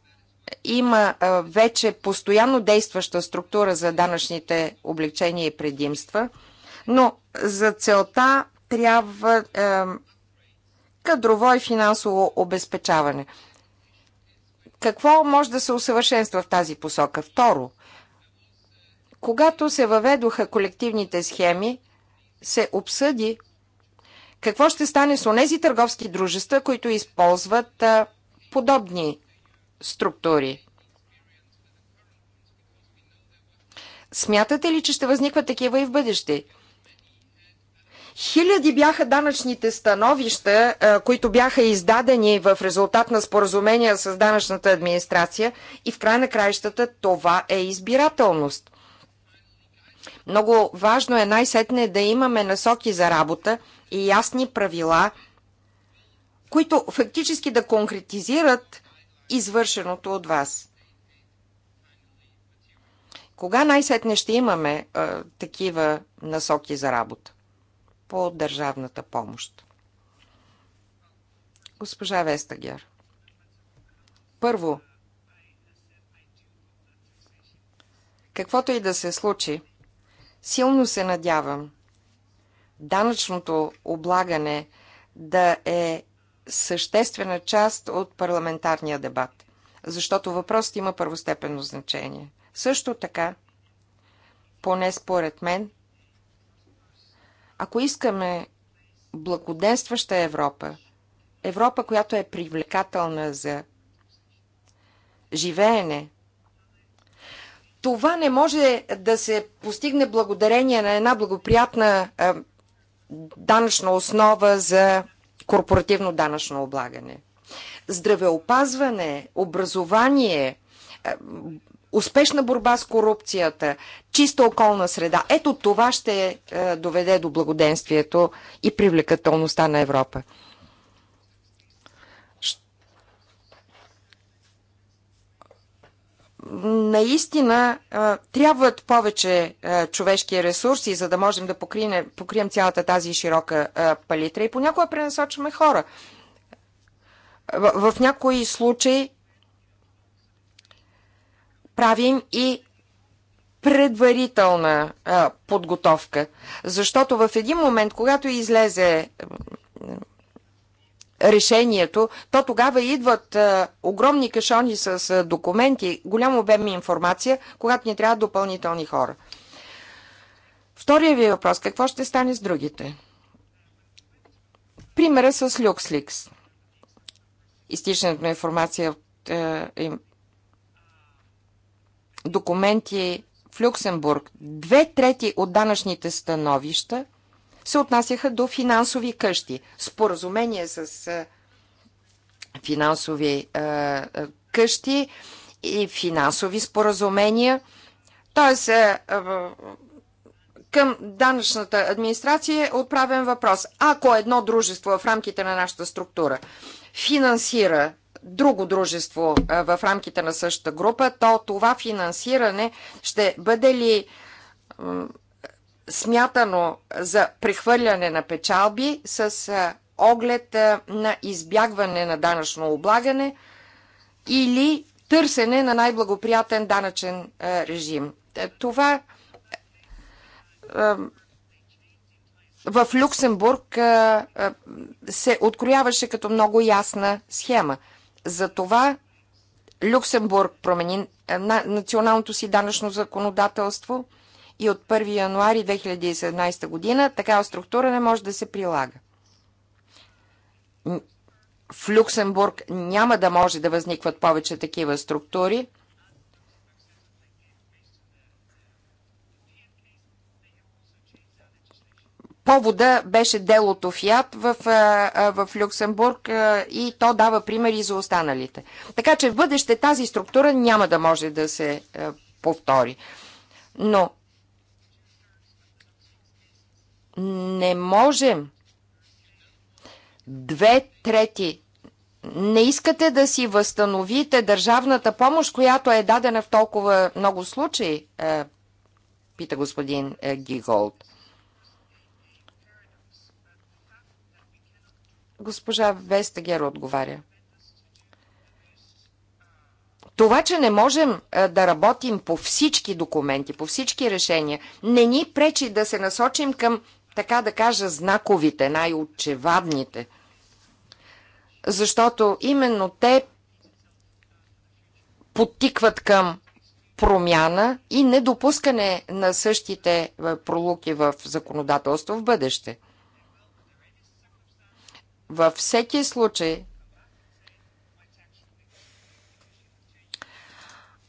има вече постоянно действаща структура за данъчните облегчения и предимства, но за целта трябва кадрово и финансово обезпечаване. Какво може да се усъвършенства в тази посока? Второ, когато се въведоха колективните схеми, се обсъди какво ще стане с онези търговски дружества, които използват подобни структури. Смятате ли, че ще възникват такива и в бъдеще? Хиляди бяха данъчните становища, които бяха издадени в резултат на споразумения с данъчната администрация и в край на краищата това е избирателност. Много важно е най-сетне да имаме насоки за работа и ясни правила, които фактически да конкретизират извършеното от вас. Кога най-сетне ще имаме а, такива насоки за работа по държавната помощ? Госпожа Вестагер. Първо, каквото и да се случи, силно се надявам данъчното облагане да е съществена част от парламентарния дебат, защото въпросът има първостепенно значение. Също така, поне според мен, ако искаме благоденстваща Европа, Европа, която е привлекателна за живеене, това не може да се постигне благодарение на една благоприятна данъчна основа за корпоративно данъчно облагане. Здравеопазване, образование, е, успешна борба с корупцията, чиста околна среда. Ето това ще е, доведе до благоденствието и привлекателността на Европа. наистина трябват повече човешки ресурси, за да можем да покрием, покрием цялата тази широка палитра и понякога пренасочваме хора. В, в някои случаи правим и предварителна подготовка, защото в един момент, когато излезе решението, то тогава идват а, е, огромни кашони с а, е, документи, голям обем информация, когато ни трябва допълнителни хора. Втория ви въпрос. Какво ще стане с другите? Примера с Люксликс. Изтичането на информация от е, е, документи в Люксембург. Две трети от данъчните становища – се отнасяха до финансови къщи. Споразумение с финансови къщи и финансови споразумения. Тоест, към данъчната администрация е отправен въпрос. Ако едно дружество в рамките на нашата структура финансира друго дружество в рамките на същата група, то това финансиране ще бъде ли смятано за прехвърляне на печалби с оглед на избягване на данъчно облагане или търсене на най-благоприятен данъчен режим. Е, това в Люксембург се открояваше като много ясна схема. Затова Люксембург промени националното си данъчно законодателство – и от 1 януари 2017 година такава структура не може да се прилага. В Люксембург няма да може да възникват повече такива структури. Повода беше делото Фиат в, в Люксембург и то дава примери за останалите. Така че в бъдеще тази структура няма да може да се повтори. Но не можем две трети. Не искате да си възстановите държавната помощ, която е дадена в толкова много случаи, е, пита господин е, Гиголд. Госпожа Вестагер отговаря. Това, че не можем е, да работим по всички документи, по всички решения, не ни пречи да се насочим към така да кажа, знаковите, най-очевадните. Защото именно те подтикват към промяна и недопускане на същите е, пролуки в законодателство в бъдеще. Във всеки случай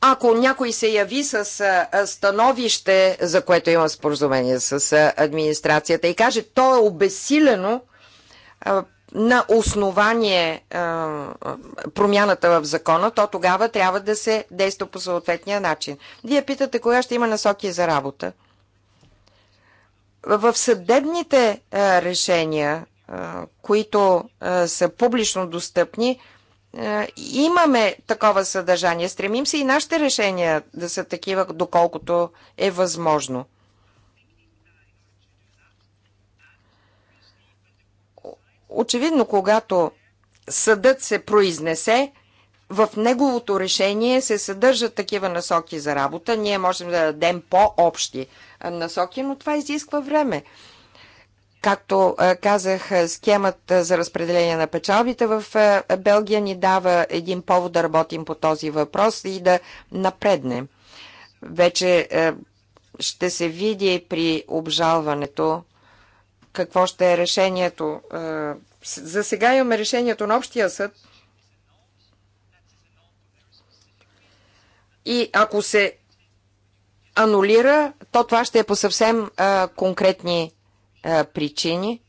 Ако някой се яви с становище, за което има споразумение с администрацията и каже, то е обесилено на основание промяната в закона, то тогава трябва да се действа по съответния начин. Вие питате кога ще има насоки за работа. В съдебните решения, които са публично достъпни, е, имаме такова съдържание. Стремим се и нашите решения да са такива, доколкото е възможно. Очевидно, когато съдът се произнесе, в неговото решение се съдържат такива насоки за работа. Ние можем да дадем по-общи насоки, но това изисква време. Както казах, схемата за разпределение на печалбите в Белгия ни дава един повод да работим по този въпрос и да напредне. Вече ще се види при обжалването какво ще е решението. За сега имаме решението на общия съд. И ако се анулира, то това ще е по съвсем конкретни причини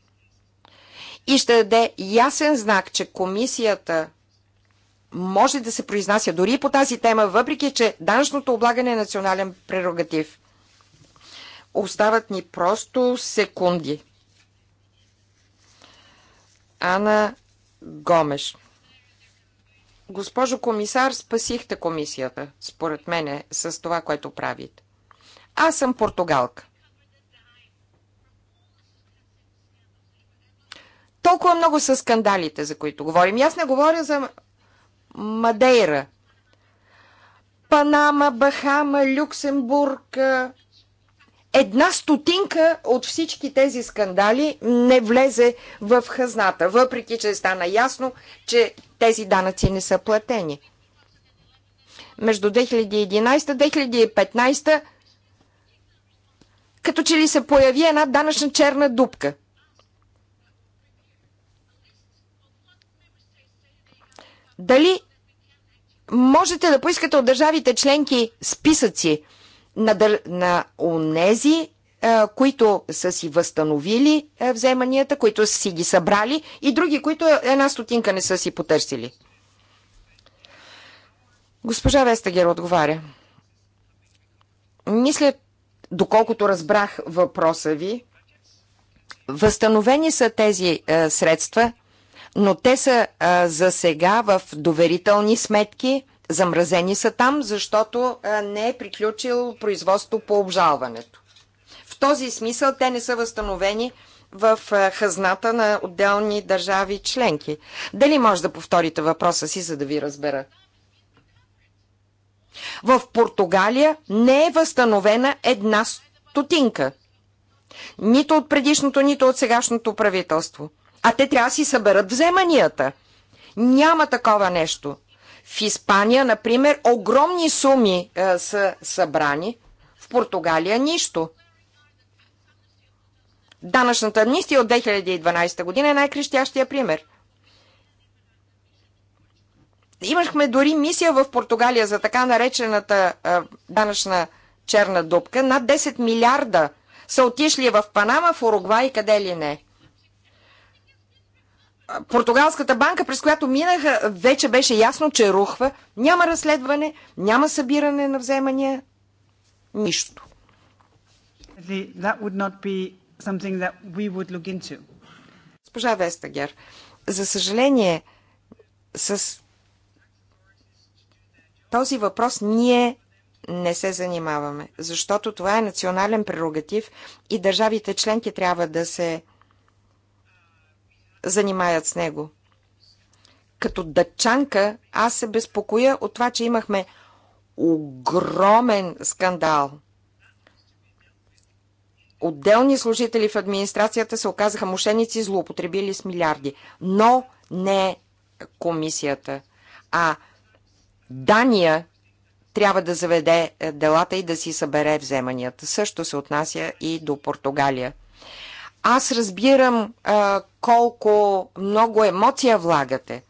и ще даде ясен знак, че комисията може да се произнася дори по тази тема, въпреки че данъчното облагане е национален прерогатив. Остават ни просто секунди. Ана Гомеш. Госпожо комисар, спасихте комисията, според мене, с това, което правите. Аз съм португалка. Толкова много са скандалите, за които говорим. аз не говоря за Мадейра. Панама, Бахама, Люксембург. Една стотинка от всички тези скандали не влезе в хазната, въпреки че стана ясно, че тези данъци не са платени. Между 2011-2015 като че ли се появи една данъчна черна дупка. Дали можете да поискате от държавите членки списъци на, дър... на онези, които са си възстановили вземанията, които са си ги събрали и други, които една стотинка не са си потърсили? Госпожа Вестагер отговаря. Мисля, доколкото разбрах въпроса ви, възстановени са тези е, средства но те са а, за сега в доверителни сметки. Замразени са там, защото а, не е приключил производство по обжалването. В този смисъл те не са възстановени в а, хазната на отделни държави членки. Дали може да повторите въпроса си, за да ви разбера? В Португалия не е възстановена една стотинка. Нито от предишното, нито от сегашното правителство – а те трябва да си съберат вземанията. Няма такова нещо. В Испания, например, огромни суми е, са събрани, в Португалия нищо. Данъчната амнистия от 2012 година е най-крещящия пример. Имахме дори мисия в Португалия за така наречената е, данъчна черна дупка. Над 10 милиарда са отишли в Панама, в Уругвай, къде ли не португалската банка, през която минаха, вече беше ясно, че рухва. Няма разследване, няма събиране на вземания, нищо. Госпожа Вестагер, за съжаление, с този въпрос ние не се занимаваме, защото това е национален прерогатив и държавите членки трябва да се занимаят с него. Като дъчанка аз се безпокоя от това, че имахме огромен скандал. Отделни служители в администрацията се оказаха мошеници, злоупотребили с милиарди. Но не комисията, а Дания трябва да заведе е, делата и да си събере вземанията. Също се отнася и до Португалия. Аз разбирам а, колко много емоция влагате.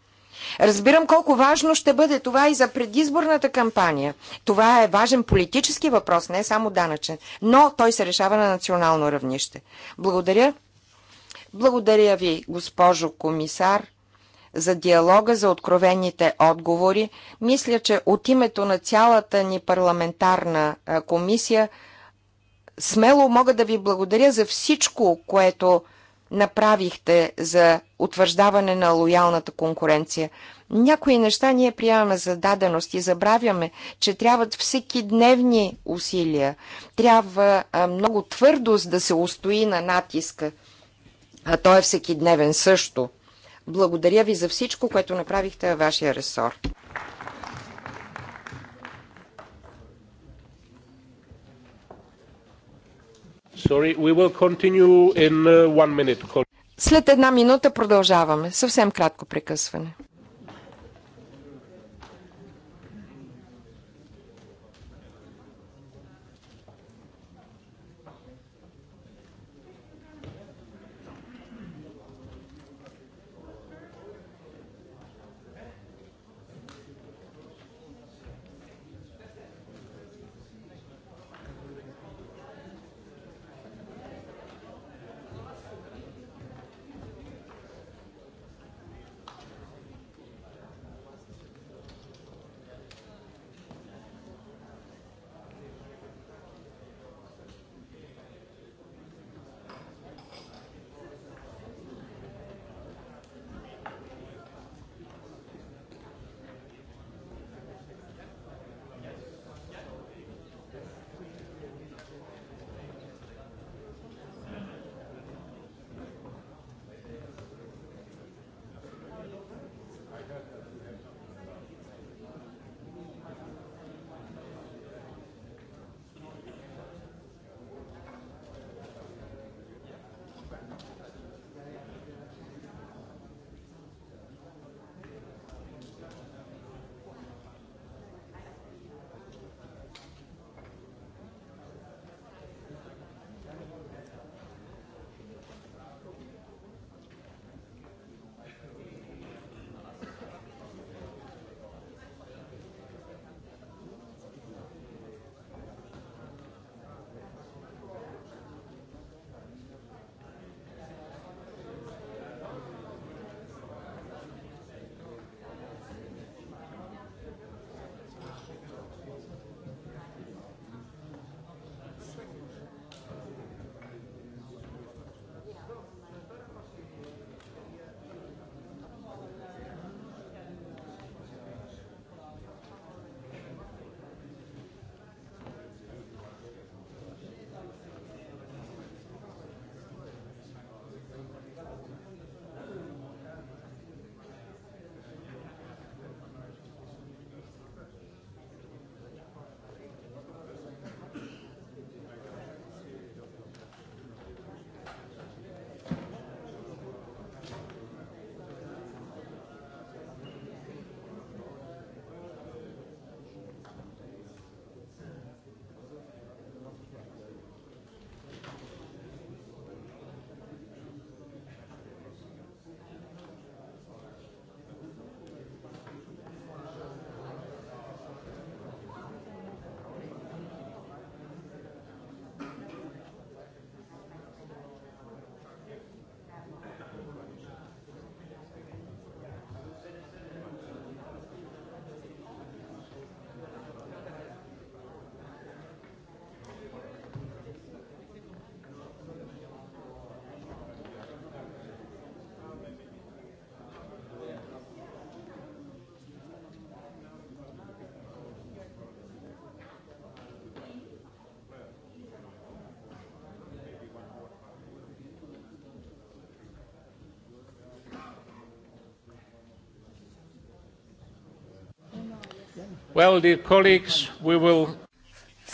Разбирам колко важно ще бъде това и за предизборната кампания. Това е важен политически въпрос, не само данъчен, но той се решава на национално равнище. Благодаря. Благодаря ви, госпожо комисар, за диалога, за откровените отговори. Мисля, че от името на цялата ни парламентарна комисия – смело мога да ви благодаря за всичко, което направихте за утвърждаване на лоялната конкуренция. Някои неща ние приемаме за даденост и забравяме, че трябват всеки дневни усилия. Трябва много твърдост да се устои на натиска, а той е всеки дневен също. Благодаря ви за всичко, което направихте във вашия ресор. Uh, След една минута продължаваме. Съвсем кратко прекъсване.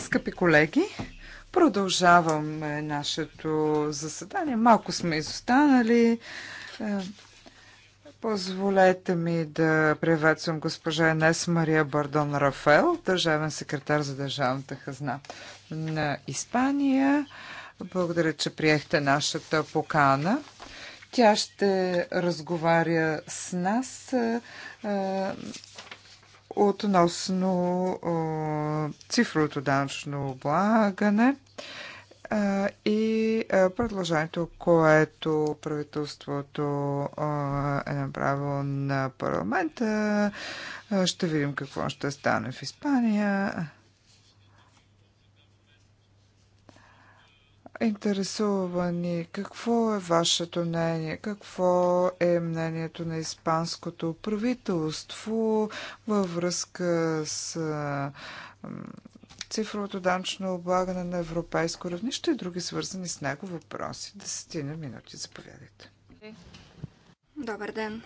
Скъпи колеги, продължаваме нашето заседание. Малко сме изостанали. Е, позволете ми да приветствам госпожа Енес Мария Бардон Рафел, държавен секретар за държавната хазна на Испания. Благодаря, че приехте нашата покана. Тя ще разговаря с нас е, относно цифровото данъчно облагане и предложението, което правителството е направило на парламента. Ще видим какво ще стане в Испания. Интересува ни какво е вашето мнение, какво е мнението на испанското правителство във връзка с цифровото данчно облагане на европейско равнище и други свързани с него въпроси. Десетина минути, заповядайте. Добър ден,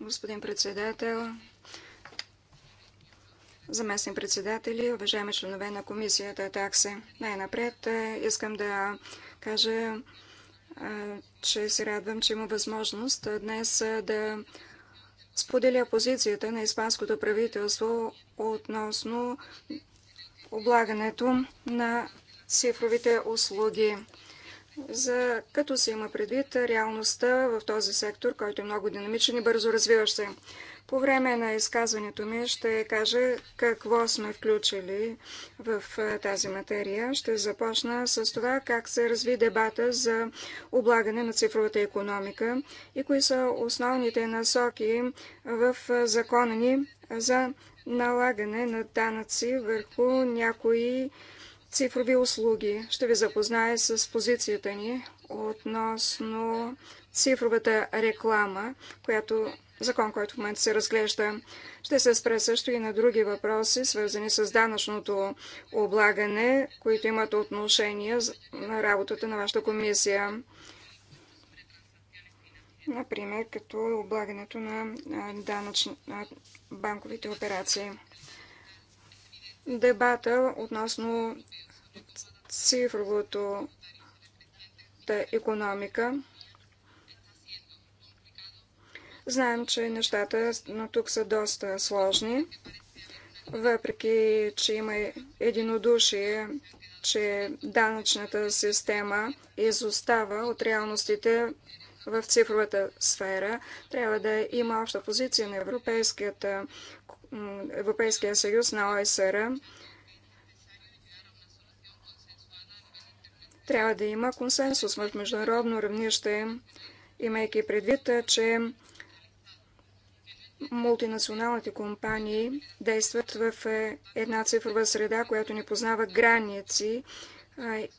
господин председател, заместни председатели, уважаеми членове на комисията такси. Най-напред е, искам да кажа, е, че се радвам, че има възможност е, днес да споделя позицията на испанското правителство относно облагането на цифровите услуги. За, като се има предвид реалността в този сектор, който е много динамичен и бързо развиващ се. По време на изказването ми ще кажа какво сме включили в тази материя. Ще започна с това как се разви дебата за облагане на цифровата економика и кои са основните насоки в закона ни за налагане на данъци върху някои цифрови услуги. Ще ви запозная с позицията ни относно цифровата реклама, която закон, който в момента се разглежда. Ще се спре също и на други въпроси, свързани с данъчното облагане, които имат отношение на работата на вашата комисия. Например, като облагането на банковите операции. Дебата относно цифровото економика Знаем, че нещата на тук са доста сложни, въпреки че има единодушие, че данъчната система изостава от реалностите в цифровата сфера. Трябва да има обща позиция на Европейския съюз, на ОСР. Трябва да има консенсус в международно равнище, имайки предвид, че мултинационалните компании действат в е, една цифрова среда, която не познава граници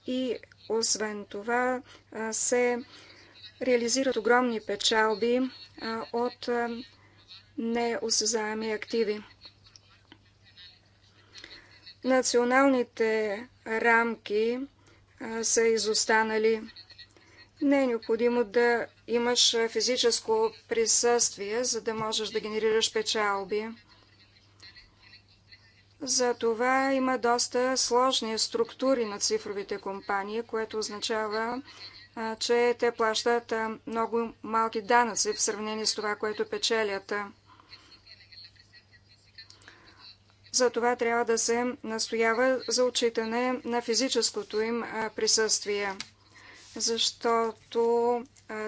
и освен това се реализират огромни печалби от неосезаеми активи. Националните рамки са изостанали. Не е необходимо да имаш физическо присъствие, за да можеш да генерираш печалби. За това има доста сложни структури на цифровите компании, което означава, че те плащат много малки данъци в сравнение с това, което печелят. За това трябва да се настоява за отчитане на физическото им присъствие защото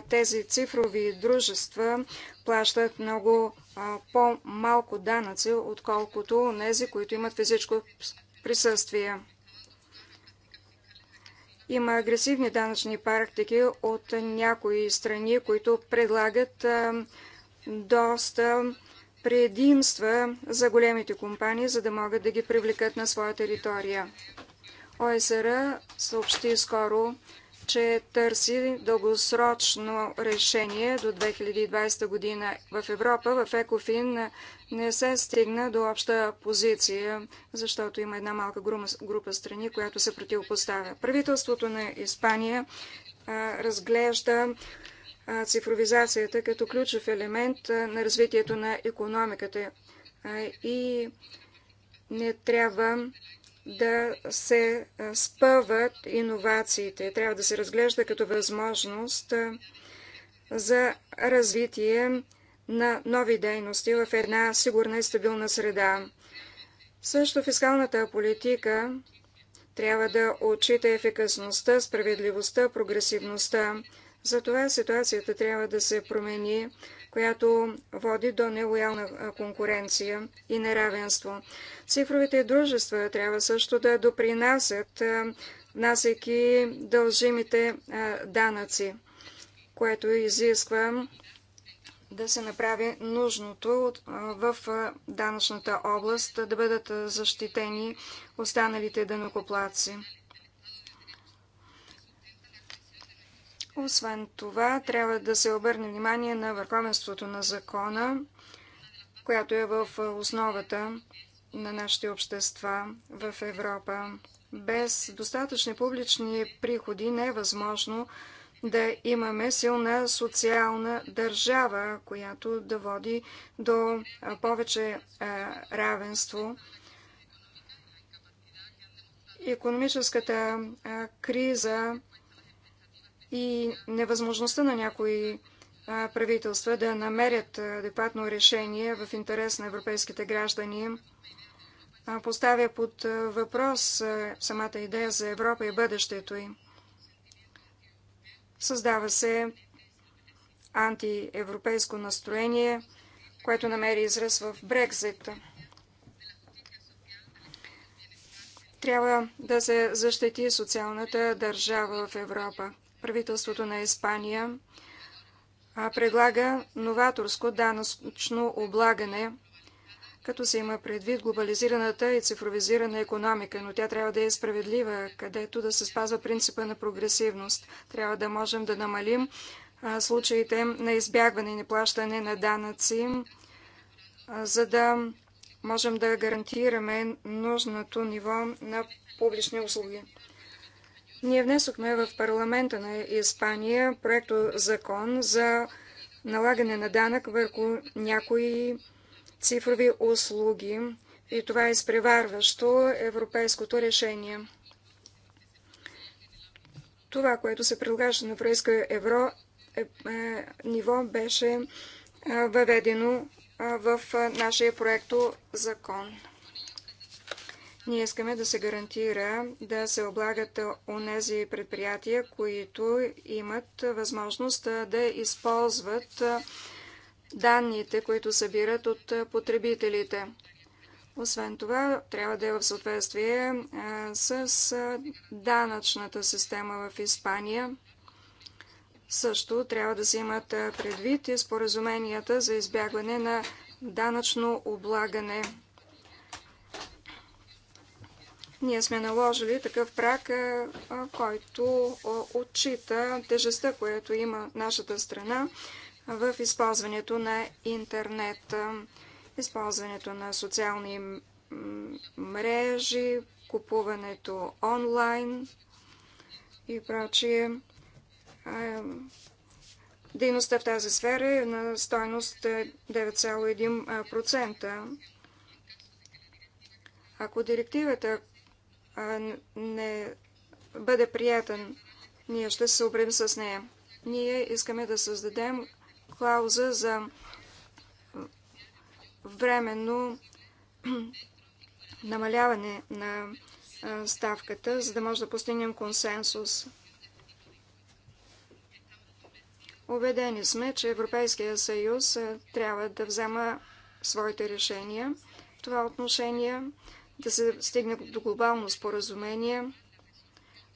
тези цифрови дружества плащат много по-малко данъци, отколкото тези, които имат физическо присъствие. Има агресивни данъчни практики от някои страни, които предлагат доста предимства за големите компании, за да могат да ги привлекат на своя територия. ОСР е съобщи скоро, че търси дългосрочно решение до 2020 година. В Европа, в Екофин, не се стигна до обща позиция, защото има една малка група страни, която се противопоставя. Правителството на Испания разглежда цифровизацията като ключов елемент на развитието на економиката и не трябва да се спъват иновациите. Трябва да се разглежда като възможност за развитие на нови дейности в една сигурна и стабилна среда. Също фискалната политика трябва да отчита ефикасността, справедливостта, прогресивността. Затова ситуацията трябва да се промени която води до нелоялна конкуренция и неравенство. Цифровите дружества трябва също да допринасят, внасяйки дължимите данъци, което изисква да се направи нужното в данъчната област, да бъдат защитени останалите данокоплаци. Освен това, трябва да се обърне внимание на върховенството на закона, която е в основата на нашите общества в Европа. Без достатъчни публични приходи не е възможно да имаме силна социална държава, която да води до повече равенство. Економическата криза и невъзможността на някои правителства да намерят адекватно решение в интерес на европейските граждани поставя под въпрос самата идея за Европа и бъдещето й. Създава се антиевропейско настроение, което намери израз в Брекзит. Трябва да се защити социалната държава в Европа правителството на Испания предлага новаторско данъчно облагане, като се има предвид глобализираната и цифровизирана економика, но тя трябва да е справедлива, където да се спазва принципа на прогресивност. Трябва да можем да намалим случаите на избягване и неплащане на данъци, за да можем да гарантираме нужното ниво на публични услуги. Ние внесохме в парламента на Испания проекто закон за налагане на данък върху някои цифрови услуги и това е изпреварващо европейското решение. Това, което се предлагаше на европейско евро е, е, ниво, беше е, въведено е, в е, нашия проекто закон. Ние искаме да се гарантира да се облагат онези предприятия, които имат възможност да използват данните, които събират от потребителите. Освен това, трябва да е в съответствие с данъчната система в Испания. Също трябва да се имат предвид и споразуменията за избягване на данъчно облагане ние сме наложили такъв прак, е, е, който е, отчита тежестта, която има нашата страна в използването на интернет, използването на социални мрежи, купуването онлайн и прочие. Дейността в тази сфера е на стойност 9,1%. Ако директивата, не бъде приятен, ние ще се съобрим с нея. Ние искаме да създадем клауза за временно намаляване на ставката, за да може да постигнем консенсус. Обедени сме, че Европейския съюз трябва да взема своите решения в това отношение да се стигне до глобално споразумение,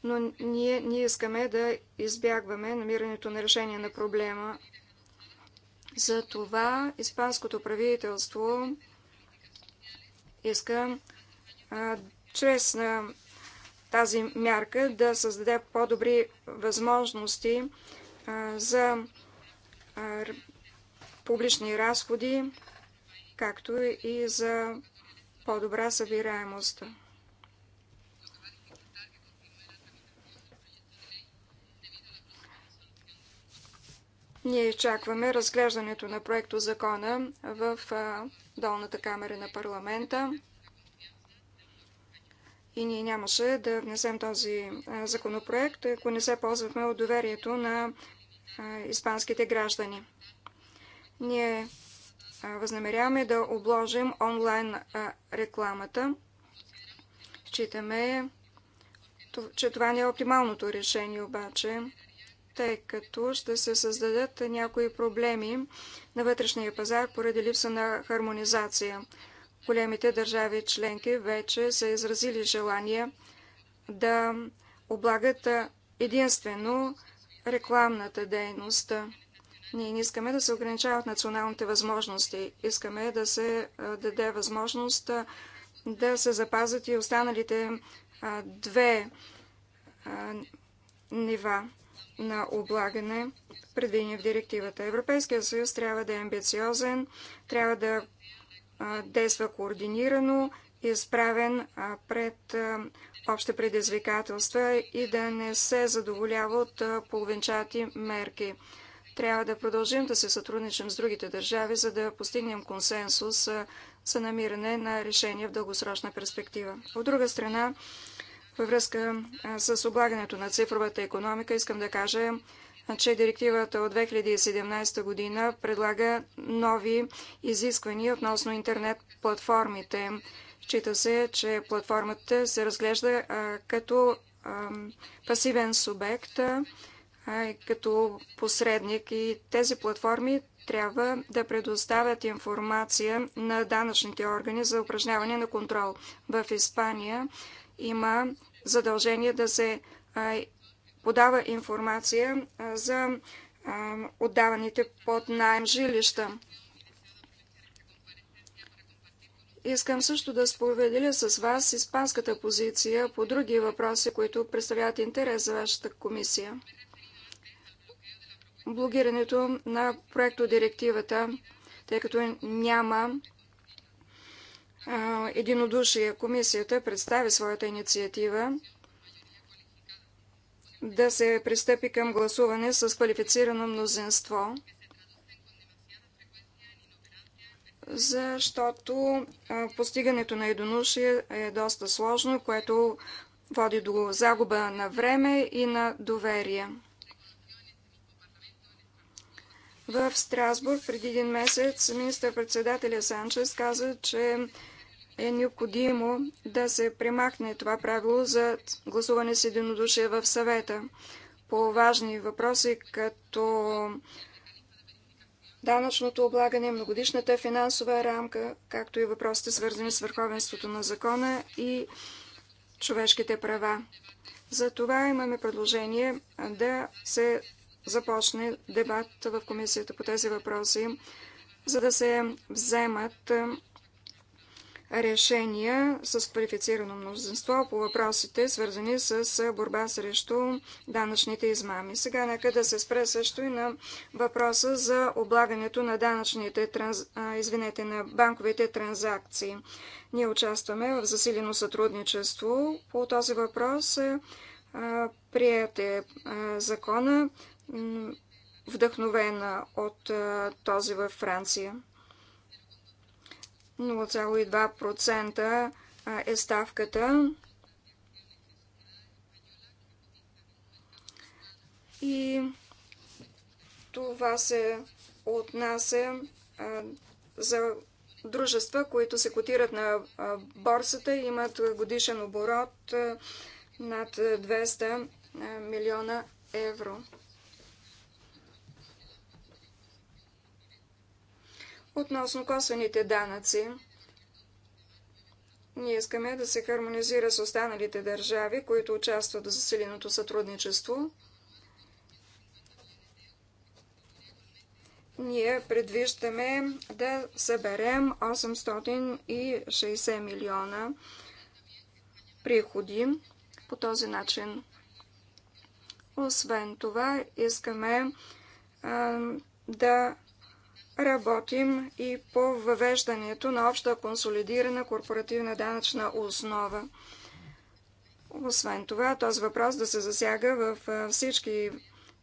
но ние, ние искаме да избягваме намирането на решение на проблема. За това испанското правителство иска а, чрез а, тази мярка да създаде по-добри възможности а, за а, публични разходи, както и за по-добра събираемост. Ние очакваме разглеждането на проекто закона в долната камера на парламента и ние нямаше да внесем този законопроект, ако не се ползвахме от доверието на испанските граждани. Ние Възнамеряваме да обложим онлайн рекламата. Считаме, че това не е оптималното решение обаче, тъй като ще се създадат някои проблеми на вътрешния пазар поради липса на хармонизация. Големите държави членки вече са изразили желание да облагат единствено рекламната дейност. Ние не искаме да се ограничават националните възможности. Искаме да се даде възможност да се запазят и останалите две нива на облагане, предвидени в директивата. Европейския съюз трябва да е амбициозен, трябва да действа координирано, изправен пред общи предизвикателства и да не се задоволява от половинчати мерки. Трябва да продължим да се сътрудничим с другите държави, за да постигнем консенсус за намиране на решение в дългосрочна перспектива. От друга страна, във връзка с облагането на цифровата економика, искам да кажа, че директивата от 2017 година предлага нови изисквания относно интернет платформите. Счита се, че платформата се разглежда като пасивен субект, като посредник и тези платформи трябва да предоставят информация на данъчните органи за упражняване на контрол. В Испания има задължение да се подава информация за отдаваните под найем жилища. Искам също да споделя с вас испанската позиция по други въпроси, които представляват интерес за вашата комисия блогирането на проектодирективата, тъй като няма единодушие. Комисията представи своята инициатива да се пристъпи към гласуване с квалифицирано мнозинство, защото постигането на единодушие е доста сложно, което води до загуба на време и на доверие. В Страсбург преди един месец министър-председателя Санчес каза, че е необходимо да се премахне това правило за гласуване с единодушие в съвета по важни въпроси, като данъчното облагане, многодишната финансова рамка, както и въпросите свързани с върховенството на закона и човешките права. За това имаме предложение да се започне дебат в комисията по тези въпроси, за да се вземат е, решения с квалифицирано мнозинство по въпросите, свързани с е, борба срещу данъчните измами. Сега нека да се спре също и на въпроса за облагането на данъчните, транз... извинете, на банковите транзакции. Ние участваме в засилено сътрудничество по този въпрос. Е, прияте закона вдъхновена от този във Франция. 0,2% е ставката. И това се отнася за дружества, които се котират на борсата и имат годишен оборот над 200 милиона евро. Относно косвените данъци, ние искаме да се хармонизира с останалите държави, които участват в засиленото сътрудничество. Ние предвиждаме да съберем 860 милиона приходи по този начин. Освен това, искаме а, да Работим и по въвеждането на обща консолидирана корпоративна данъчна основа. Освен това, този въпрос да се засяга в всички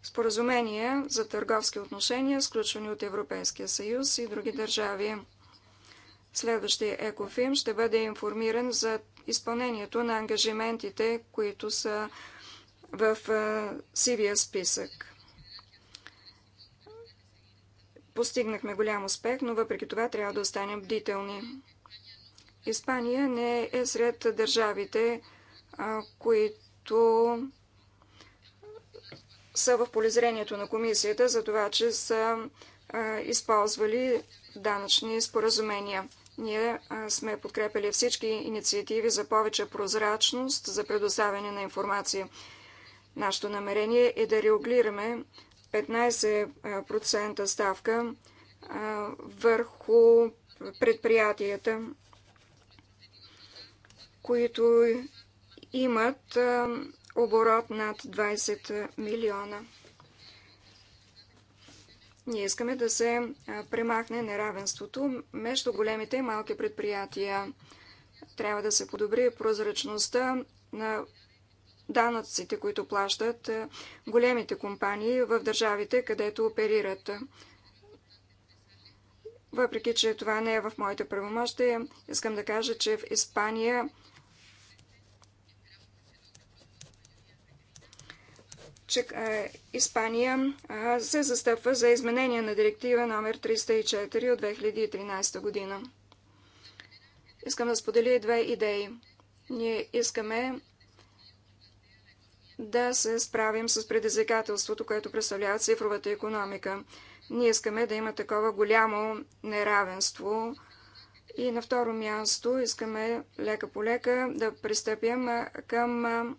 споразумения за търговски отношения, сключвани от Европейския съюз и други държави. Следващия екофим ще бъде информиран за изпълнението на ангажиментите, които са в сивия списък. Постигнахме голям успех, но въпреки това трябва да останем бдителни. Испания не е сред държавите, които са в полезрението на комисията за това, че са използвали данъчни споразумения. Ние сме подкрепили всички инициативи за повече прозрачност, за предоставяне на информация. Нашето намерение е да реоглираме 15% ставка върху предприятията, които имат оборот над 20 милиона. Ние искаме да се премахне неравенството между големите и малки предприятия. Трябва да се подобри прозрачността на данъците, които плащат е, големите компании в държавите, където оперират. Въпреки, че това не е в моите правомощия, искам да кажа, че в Испания че е, Испания е, се застъпва за изменение на директива номер 304 от 2013 година. Искам да споделя две идеи. Ние искаме да се справим с предизвикателството, което представлява цифровата економика. Ние искаме да има такова голямо неравенство. И на второ място искаме лека по лека да пристъпим към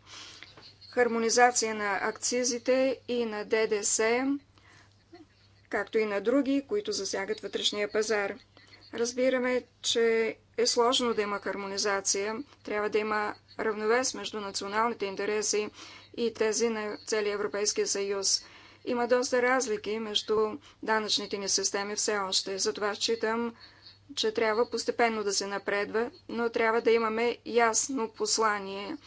хармонизация на акцизите и на ДДС, както и на други, които засягат вътрешния пазар. Разбираме, че е сложно да има хармонизация, трябва да има равновес между националните интереси и тези на целия Европейския съюз. Има доста разлики между данъчните ни системи все още. Затова считам, че трябва постепенно да се напредва, но трябва да имаме ясно послание,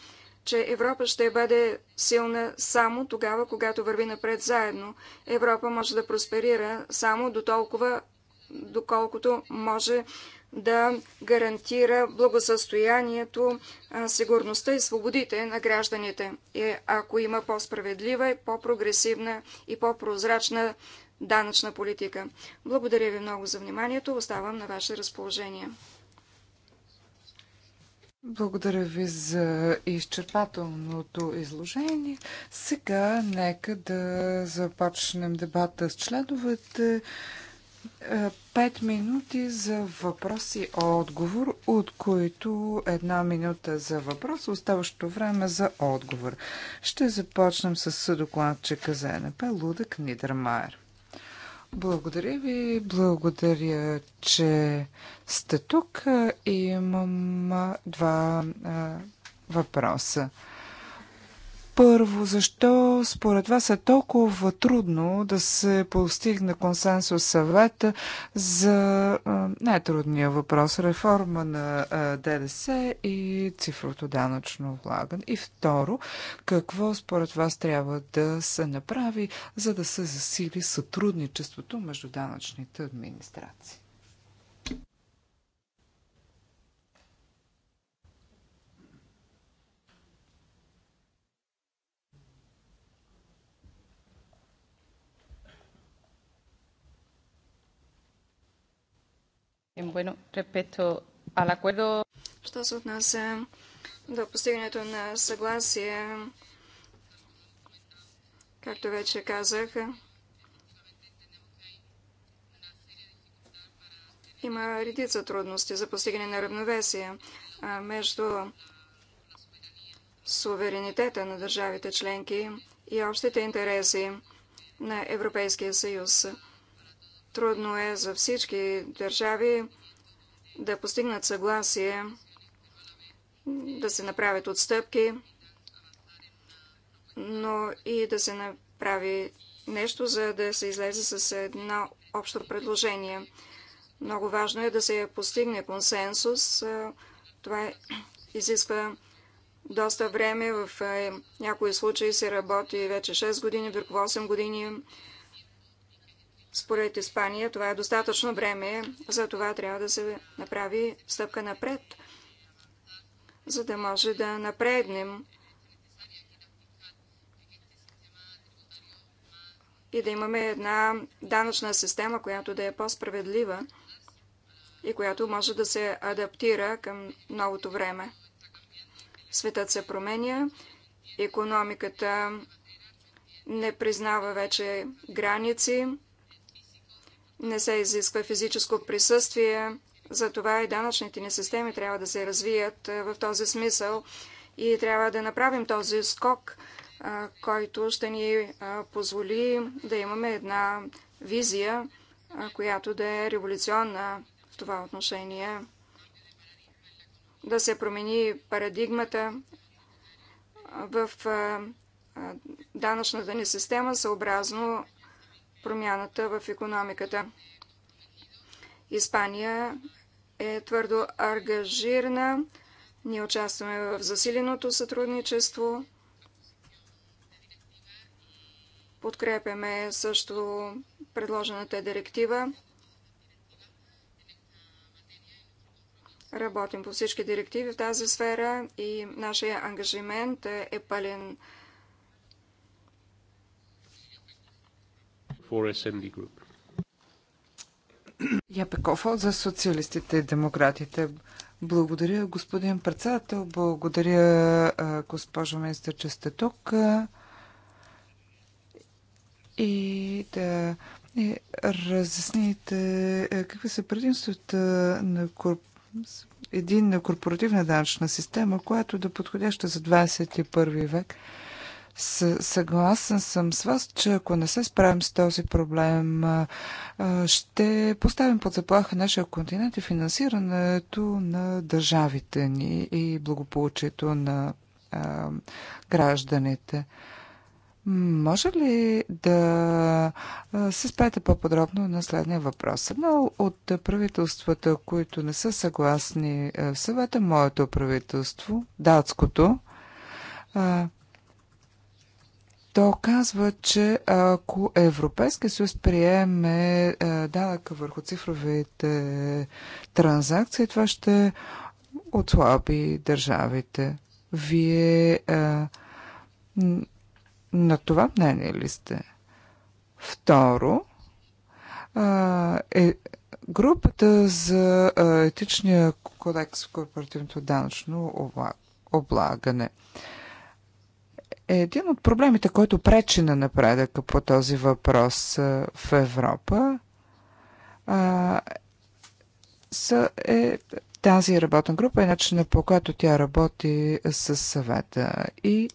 че Европа ще бъде силна само тогава, когато върви напред заедно. Европа може да просперира само до толкова, доколкото може да гарантира благосъстоянието, сигурността и свободите на гражданите. И ако има по-справедлива, по-прогресивна и по-прозрачна данъчна политика. Благодаря ви много за вниманието. Оставам на ваше разположение. Благодаря ви за изчерпателното изложение. Сега нека да започнем дебата с членовете. Пет минути за въпрос и отговор, от които една минута за въпрос, оставащо време за отговор. Ще започнем с съдокладчика за НП Лудък Нидермайер. Благодаря ви, благодаря, че сте тук. Имам два а, въпроса. Първо, защо според вас е толкова трудно да се постигне консенсус съвета за най-трудния въпрос реформа на ДДС и цифрото данъчно влаган? И второ, какво според вас трябва да се направи, за да се засили сътрудничеството между данъчните администрации? Bueno, respecto al acuerdo... Що се отнася до постигането на съгласие, както вече казах, има редица трудности за постигане на равновесие между суверенитета на държавите членки и общите интереси на Европейския съюз. Трудно е за всички държави да постигнат съгласие, да се направят отстъпки, но и да се направи нещо, за да се излезе с едно общо предложение. Много важно е да се постигне консенсус. Това изисква доста време. В е, някои случаи се работи вече 6 години, друг 8 години. Според Испания това е достатъчно време, за това трябва да се направи стъпка напред, за да може да напреднем и да имаме една данъчна система, която да е по-справедлива и която може да се адаптира към новото време. Светът се променя, економиката не признава вече граници, не се изисква физическо присъствие, затова и данъчните ни системи трябва да се развият в този смисъл и трябва да направим този скок, който ще ни позволи да имаме една визия, която да е революционна в това отношение. Да се промени парадигмата в данъчната ни система съобразно промяната в економиката. Испания е твърдо ангажирана. Ние участваме в засиленото сътрудничество. Подкрепяме също предложената директива. Работим по всички директиви в тази сфера и нашия ангажимент е пълен. for SND Group. Япеков за социалистите и демократите. Благодаря, господин председател. Благодаря, госпожо министър, че сте тук. И да и разясните какви са предимствата на един на корпоративна данъчна система, която е да подходяща за 21 век. Съгласен съм с вас, че ако не се справим с този проблем, ще поставим под заплаха нашия континент и финансирането на държавите ни и благополучието на гражданите. Може ли да се спрете по-подробно на следния въпрос? Едно от правителствата, които не са съгласни в съвета, моето правителство, датското, то казва, че ако Европейския съюз приеме е, данъка върху цифровите транзакции, това ще отслаби държавите. Вие а, е, на това мнение ли сте? Второ, а, е, е, групата за етичния кодекс в корпоративното данъчно облагане. Обла- е един от проблемите, който пречи на напредъка по този въпрос в Европа, а, са, е тази работна група е начина по който тя работи с съвета и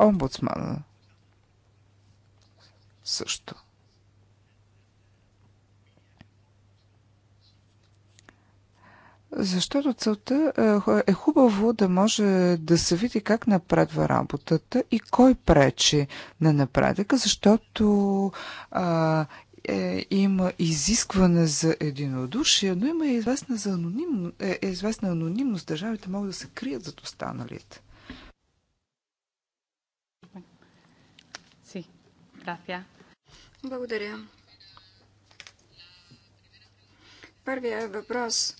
омбудсмана също. Защото целта е, е хубаво да може да се види как напредва работата и кой пречи на напредъка, защото а, е, има изискване за единодушие, но има и известна, за аноним, е, е известна анонимност. Държавите могат да се крият зад останалите. Благодаря. Първият въпрос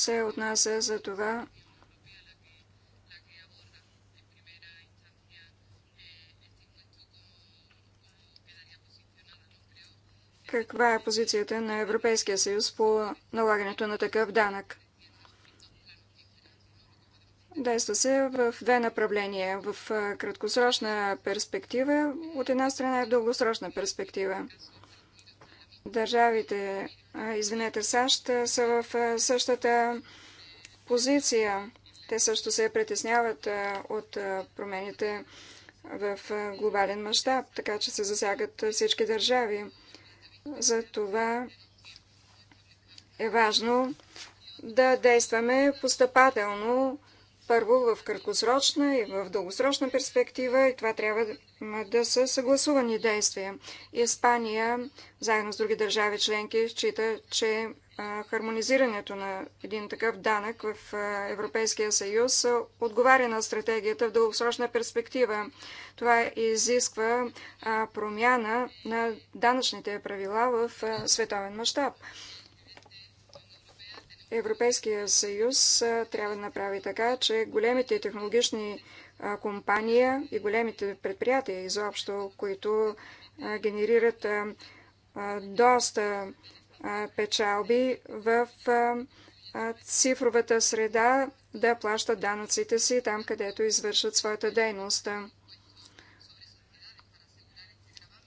се отнася за това, каква е позицията на Европейския съюз по налагането на такъв данък. Действа се в две направления. В краткосрочна перспектива, от една страна и в дългосрочна перспектива. Държавите, извинете, САЩ са в същата позиция. Те също се притесняват от промените в глобален мащаб, така че се засягат всички държави. За това е важно да действаме постъпателно първо в краткосрочна и в дългосрочна перспектива и това трябва да са съгласувани действия. Испания, заедно с други държави членки, счита, че хармонизирането на един такъв данък в Европейския съюз отговаря на стратегията в дългосрочна перспектива. Това изисква промяна на данъчните правила в световен мащаб. Европейския съюз трябва да направи така, че големите технологични компании и големите предприятия изобщо, които генерират доста печалби в цифровата среда, да плащат данъците си там, където извършват своята дейност.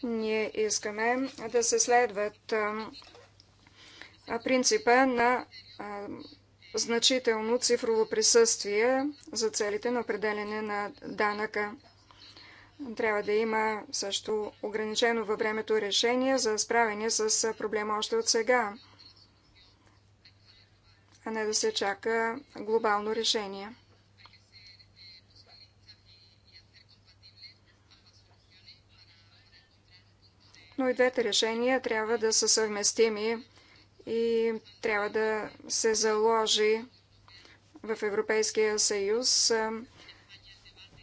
Ние искаме да се следват принципа на значително цифрово присъствие за целите на определене на данъка. Трябва да има също ограничено във времето решение за справяне с проблема още от сега, а не да се чака глобално решение. Но и двете решения трябва да са съвместими и трябва да се заложи в Европейския съюз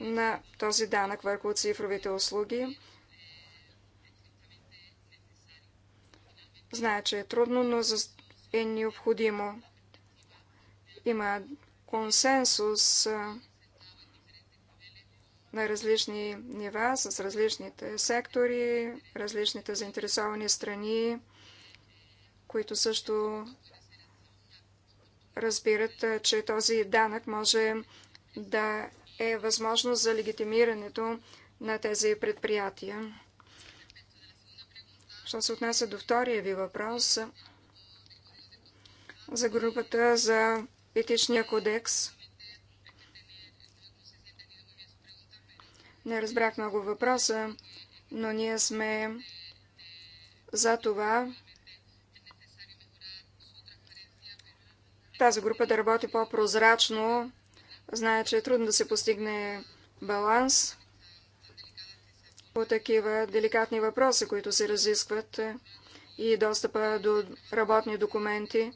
на този данък върху цифровите услуги. Знае, че е трудно, но е необходимо. Има консенсус на различни нива, с различните сектори, различните заинтересовани страни, които също разбират, че този данък може да е възможно за легитимирането на тези предприятия. Що се отнася до втория ви въпрос за групата за етичния кодекс, не разбрах много въпроса, но ние сме за това тази група да работи по-прозрачно. Знае, че е трудно да се постигне баланс по такива деликатни въпроси, които се разискват е, и достъпа до работни документи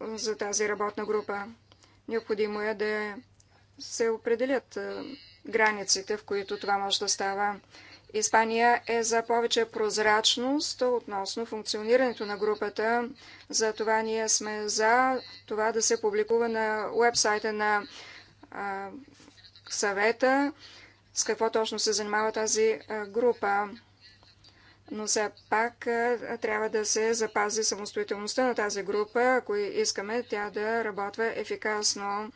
за тази работна група. Необходимо е да се определят е, границите, в които това може да става. Испания е за повече прозрачност относно функционирането на групата. За това ние сме за това да се публикува на уебсайта на а, съвета с какво точно се занимава тази група. Но все пак а, трябва да се запази самостоятелността на тази група, ако искаме тя да работва ефикасно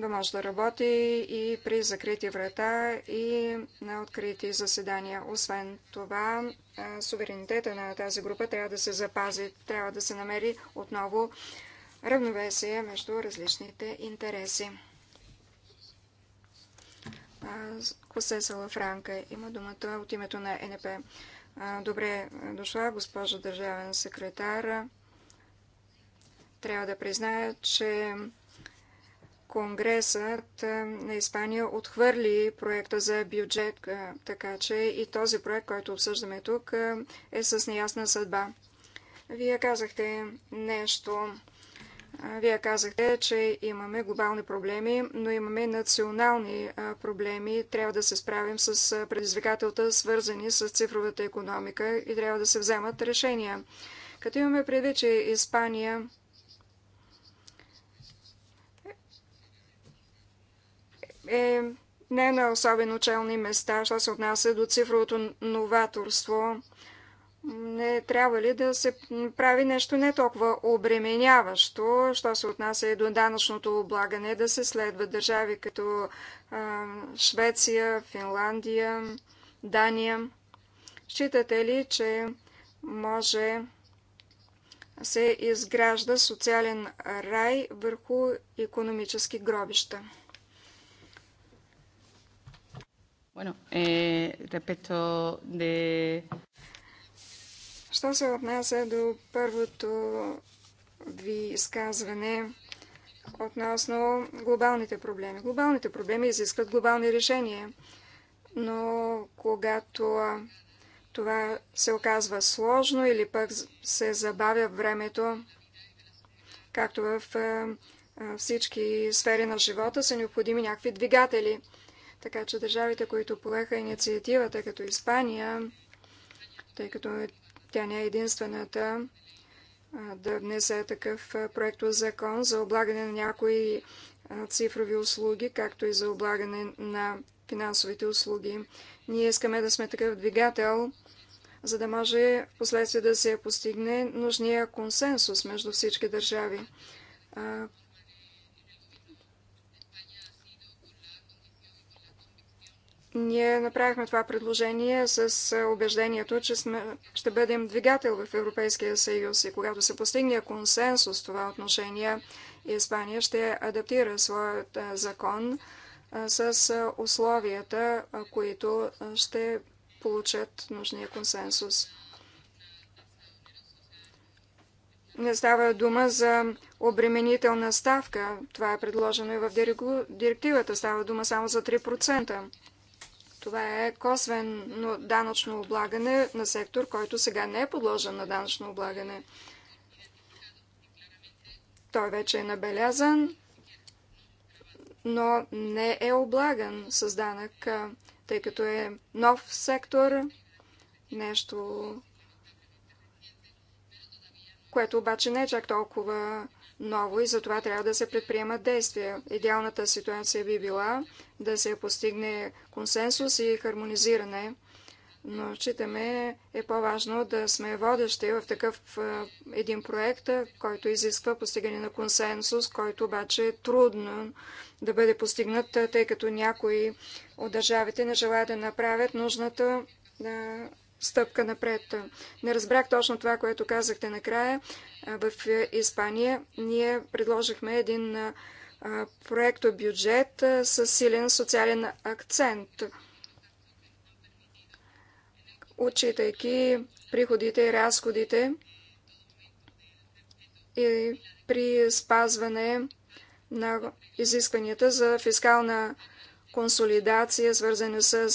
да може да работи и при закрити врата и на открити заседания. Освен това, суверенитета на тази група трябва да се запази, трябва да се намери отново равновесие между различните интереси. Косе Салафранка има думата от името на НП. Добре дошла, госпожа държавен секретар. Трябва да призная, че Конгресът е, на Испания отхвърли проекта за бюджет, е, така че и този проект, който обсъждаме тук, е, е с неясна съдба. Вие казахте нещо. Вие казахте, че имаме глобални проблеми, но имаме национални проблеми. Трябва да се справим с предизвикателта, свързани с цифровата економика и трябва да се вземат решения. Като имаме предвид, че Испания е не на особено челни места, що се отнася до цифровото новаторство. Не трябва ли да се прави нещо не толкова обременяващо, що се отнася и до данъчното облагане, да се следват държави като Швеция, Финландия, Дания? Считате ли, че може се изгражда социален рай върху економически гробища? Bueno, eh, respecto de... Що се отнася до първото ви изказване относно глобалните проблеми? Глобалните проблеми изискват глобални решения, но когато това се оказва сложно или пък се забавя времето, както в всички сфери на живота са необходими някакви двигатели – така че държавите, които полеха инициативата, като Испания, тъй като тя не е единствената, да внесе такъв проект закон за облагане на някои цифрови услуги, както и за облагане на финансовите услуги. Ние искаме да сме такъв двигател, за да може в последствие да се постигне нужния консенсус между всички държави. Ние направихме това предложение с убеждението, че сме, ще бъдем двигател в Европейския съюз и когато се постигне консенсус в това отношение, Испания ще адаптира своят закон с условията, които ще получат нужния консенсус. Не става дума за обременителна ставка. Това е предложено и в директивата. Става дума само за 3%. Това е косвено данъчно облагане на сектор, който сега не е подложен на данъчно облагане. Той вече е набелязан, но не е облаган с данък, тъй като е нов сектор, нещо, което обаче не е чак толкова ново и затова трябва да се предприемат действия. Идеалната ситуация би била да се постигне консенсус и хармонизиране, но считаме е по-важно да сме водещи в такъв един проект, който изисква постигане на консенсус, който обаче е трудно да бъде постигнат, тъй като някои от държавите не желаят да направят нужната стъпка напред. Не разбрах точно това, което казахте накрая. В е, Испания ние предложихме един проекто бюджет с силен социален акцент, отчитайки приходите и разходите и при спазване на изискванията за фискална консолидация, свързани с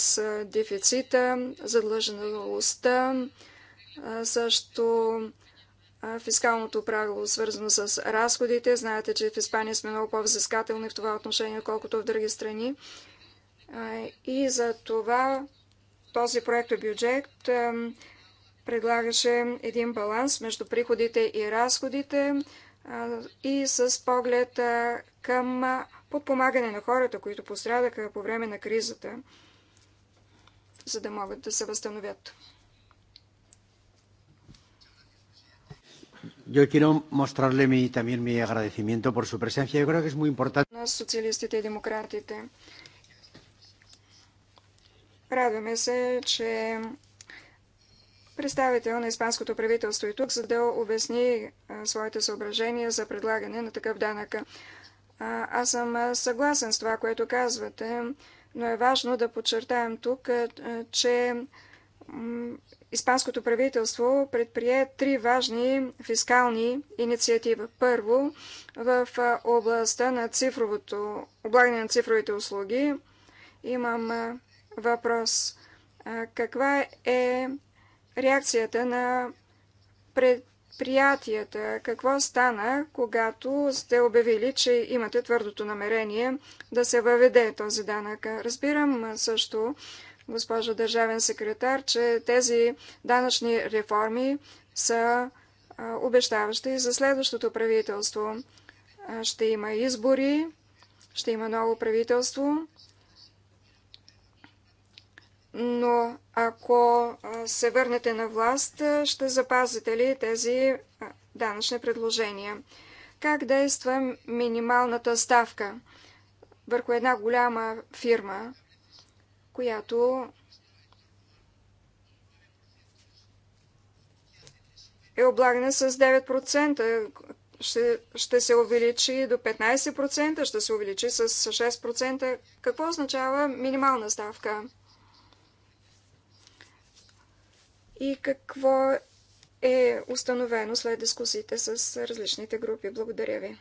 дефицита, задлъжналостта, също фискалното правило, свързано с разходите. Знаете, че в Испания сме много по-взискателни в това отношение, колкото в други страни. И за това този проект бюджет предлагаше един баланс между приходите и разходите и с поглед към подпомагане на хората, които пострадаха по време на кризата, за да могат да се възстановят. Yo quiero mostrarle mi, también mi agradecimiento por su presencia. Yo creo que es muy importante. На социалистите и демократите. Радваме се, че представител на испанското правителство и е тук, за да обясни своите съображения за предлагане на такъв данък. А, аз съм съгласен с това, което казвате, но е важно да подчертаем тук, че Испанското правителство предприе три важни фискални инициативи. Първо, в областта на цифровото, облагане на цифровите услуги. Имам въпрос. Каква е реакцията на пред предприятията. Какво стана, когато сте обявили, че имате твърдото намерение да се въведе този данък? Разбирам също, госпожо държавен секретар, че тези данъчни реформи са обещаващи за следващото правителство. Ще има избори, ще има ново правителство но ако се върнете на власт, ще запазите ли тези данъчни предложения? Как действа минималната ставка върху една голяма фирма, която е облагана с 9%, ще, ще се увеличи до 15%, ще се увеличи с 6%. Какво означава минимална ставка? и какво е установено след дискусиите с различните групи. Благодаря ви.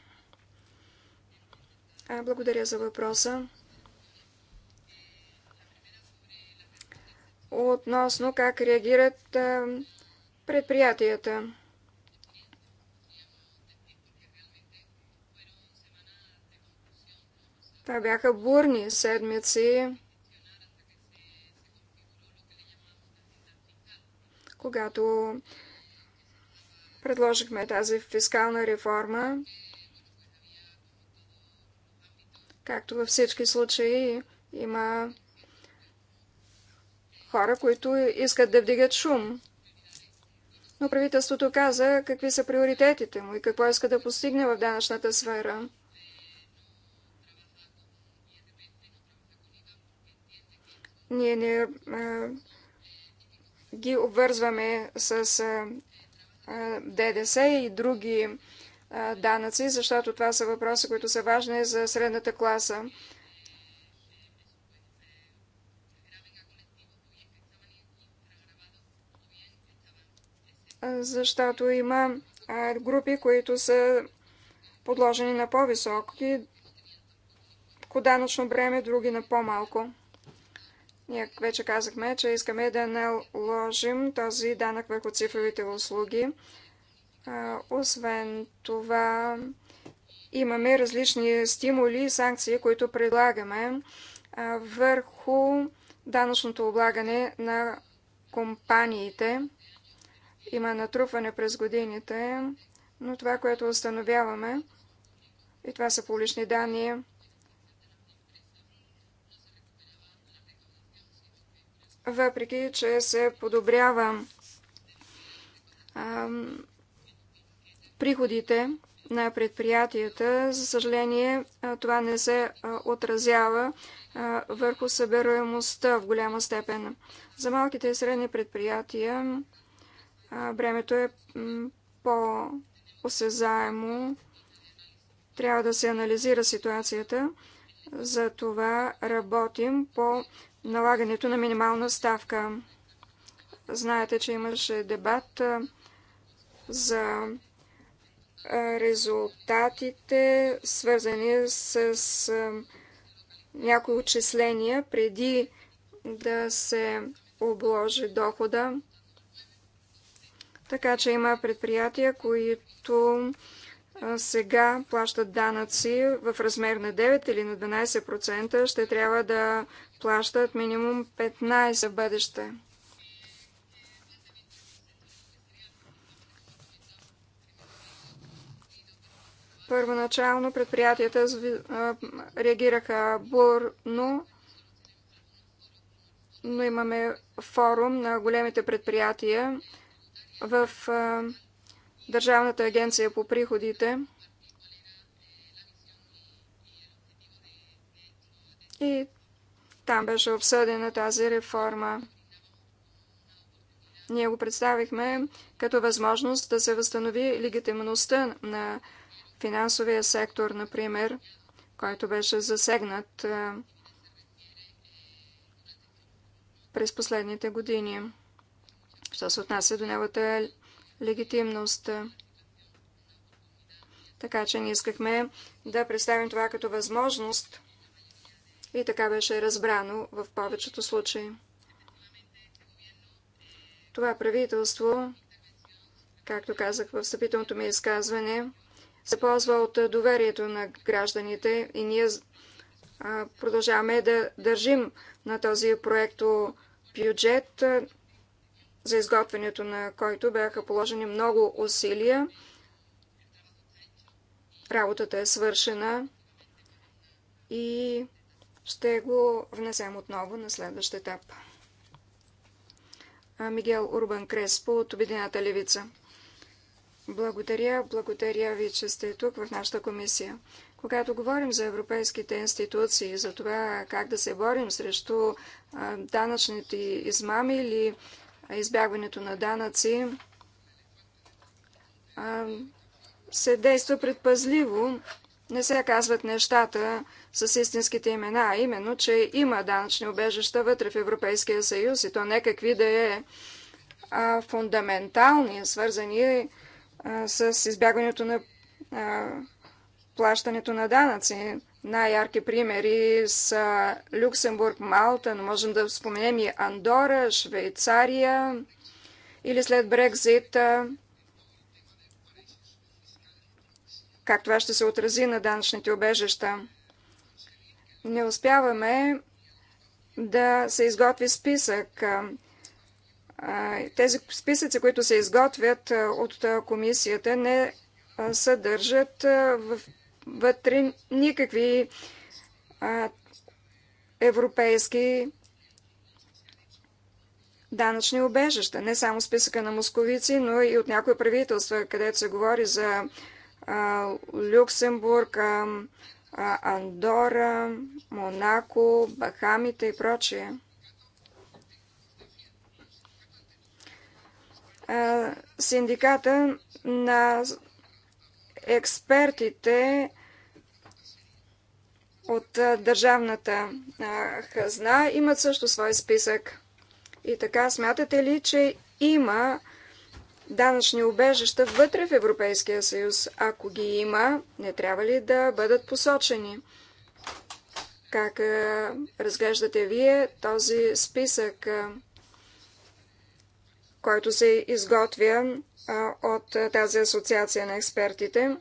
Благодаря за въпроса. Относно как реагират предприятията. Това бяха бурни седмици когато предложихме тази фискална реформа, както във всички случаи, има хора, които искат да вдигат шум. Но правителството каза какви са приоритетите му и какво иска да постигне в данъчната сфера. Ние не ги обвързваме с ДДС и други данъци, защото това са въпроси, които са важни за средната класа. Защото има групи, които са подложени на по-високи по данъчно бреме, други на по-малко. Ние вече казахме, че искаме да наложим този данък върху цифровите услуги. Освен това, имаме различни стимули и санкции, които предлагаме върху данъчното облагане на компаниите. Има натрупване през годините, но това, което установяваме, и това са публични данни, въпреки че се подобрява приходите на предприятията, за съжаление това не се отразява върху събираемостта в голяма степен. За малките и средни предприятия бремето е по-осезаемо. Трябва да се анализира ситуацията. За това работим по налагането на минимална ставка. Знаете, че имаше дебат за резултатите, свързани с някои отчисления преди да се обложи дохода. Така че има предприятия, които сега плащат данъци в размер на 9 или на 12%, ще трябва да плащат минимум 15 бъдеще. Първоначално предприятията реагираха бурно, но имаме форум на големите предприятия в Държавната агенция по приходите и там беше обсъдена тази реформа. Ние го представихме като възможност да се възстанови легитимността на финансовия сектор, например, който беше засегнат през последните години. Що се отнася до неговата легитимност. Така че ние искахме да представим това като възможност и така беше разбрано в повечето случаи. Това правителство, както казах в съпителното ми изказване, се ползва от доверието на гражданите и ние продължаваме да държим на този проекто бюджет за изготвянето на който бяха положени много усилия. Работата е свършена и ще го внесем отново на следващ етап. Мигел Урбан Креспо от Обедината левица. Благодаря, благодаря ви, че сте тук в нашата комисия. Когато говорим за европейските институции, за това как да се борим срещу данъчните измами или избягването на данъци, се действа предпазливо, не се казват нещата с истинските имена, а именно, че има данъчни обежища вътре в Европейския съюз и то не какви да е а, фундаментални, свързани а, с избягването на а, плащането на данъци. Най-ярки примери са Люксембург, Малта, но можем да споменем и Андора, Швейцария или след Брекзит. Как това ще се отрази на данъчните обежища? Не успяваме да се изготви списък. Тези списъци, които се изготвят от комисията, не съдържат в вътре никакви а, европейски данъчни обежища. Не само списъка на московици, но и от някои правителства, където се говори за а, Люксембург, а, Андора, Монако, Бахамите и прочие. Синдиката на експертите от държавната хазна имат също свой списък. И така, смятате ли, че има данъчни убежища вътре в Европейския съюз? Ако ги има, не трябва ли да бъдат посочени? Как разглеждате вие този списък? който се изготвя от тази асоциация на експертите.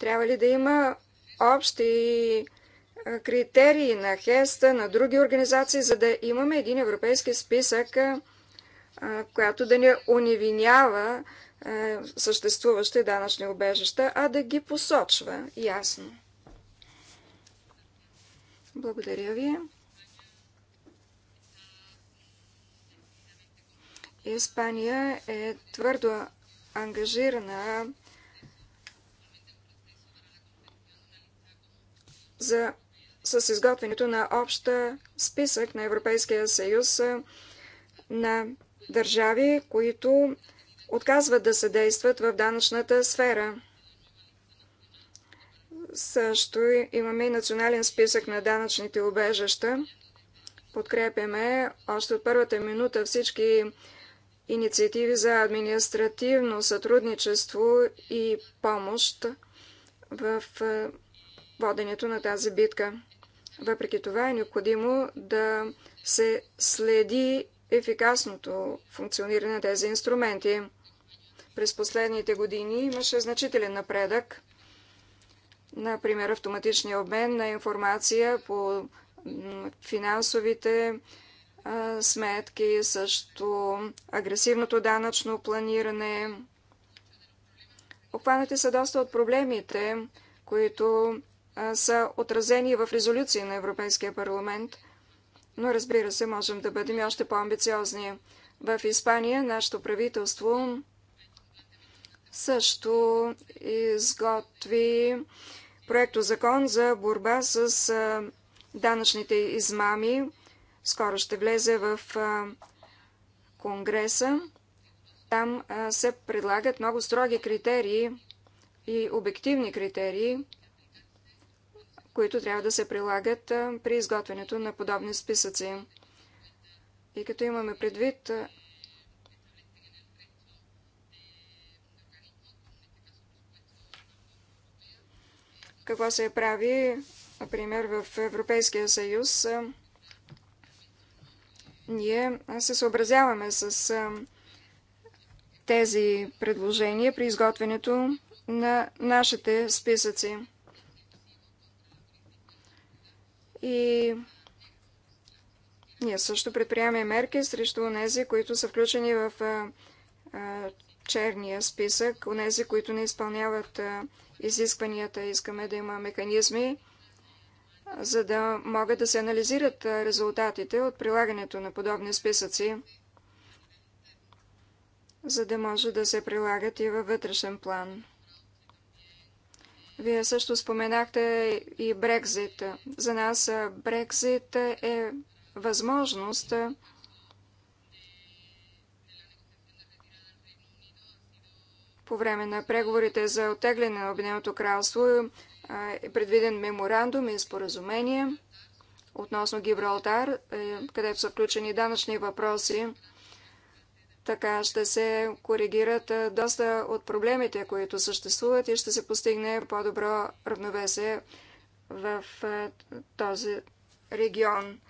Трябва ли да има общи критерии на ХЕСТа, на други организации, за да имаме един европейски списък, която да не унивинява съществуващи данъчни обежища, а да ги посочва ясно. Благодаря ви. Испания е твърдо ангажирана за, с изготвянето на обща списък на Европейския съюз на държави, които отказват да съдействат в данъчната сфера. Също имаме и национален списък на данъчните убежища. Подкрепяме още от първата минута всички инициативи за административно сътрудничество и помощ в воденето на тази битка. Въпреки това е необходимо да се следи ефикасното функциониране на тези инструменти. През последните години имаше значителен напредък. Например, автоматичния обмен на информация по финансовите сметки, също агресивното данъчно планиране. Обхванати са доста от проблемите, които са отразени в резолюции на Европейския парламент, но разбира се, можем да бъдем още по-амбициозни. В Испания нашето правителство също изготви проекто закон за борба с данъчните измами скоро ще влезе в Конгреса. Там се предлагат много строги критерии и обективни критерии, които трябва да се прилагат при изготвянето на подобни списъци. И като имаме предвид какво се прави, например, в Европейския съюз, ние се съобразяваме с тези предложения при изготвянето на нашите списъци. И ние също предприемаме мерки срещу онези, които са включени в черния списък, онези, които не изпълняват изискванията. Искаме да има механизми за да могат да се анализират резултатите от прилагането на подобни списъци, за да може да се прилагат и във вътрешен план. Вие също споменахте и Брекзит. За нас Брекзит е възможност по време на преговорите за отегляне на Обединеното кралство е предвиден меморандум и споразумение относно Гибралтар, е, където са включени данъчни въпроси. Така ще се коригират е, доста от проблемите, които съществуват и ще се постигне по-добро равновесие в е, този регион.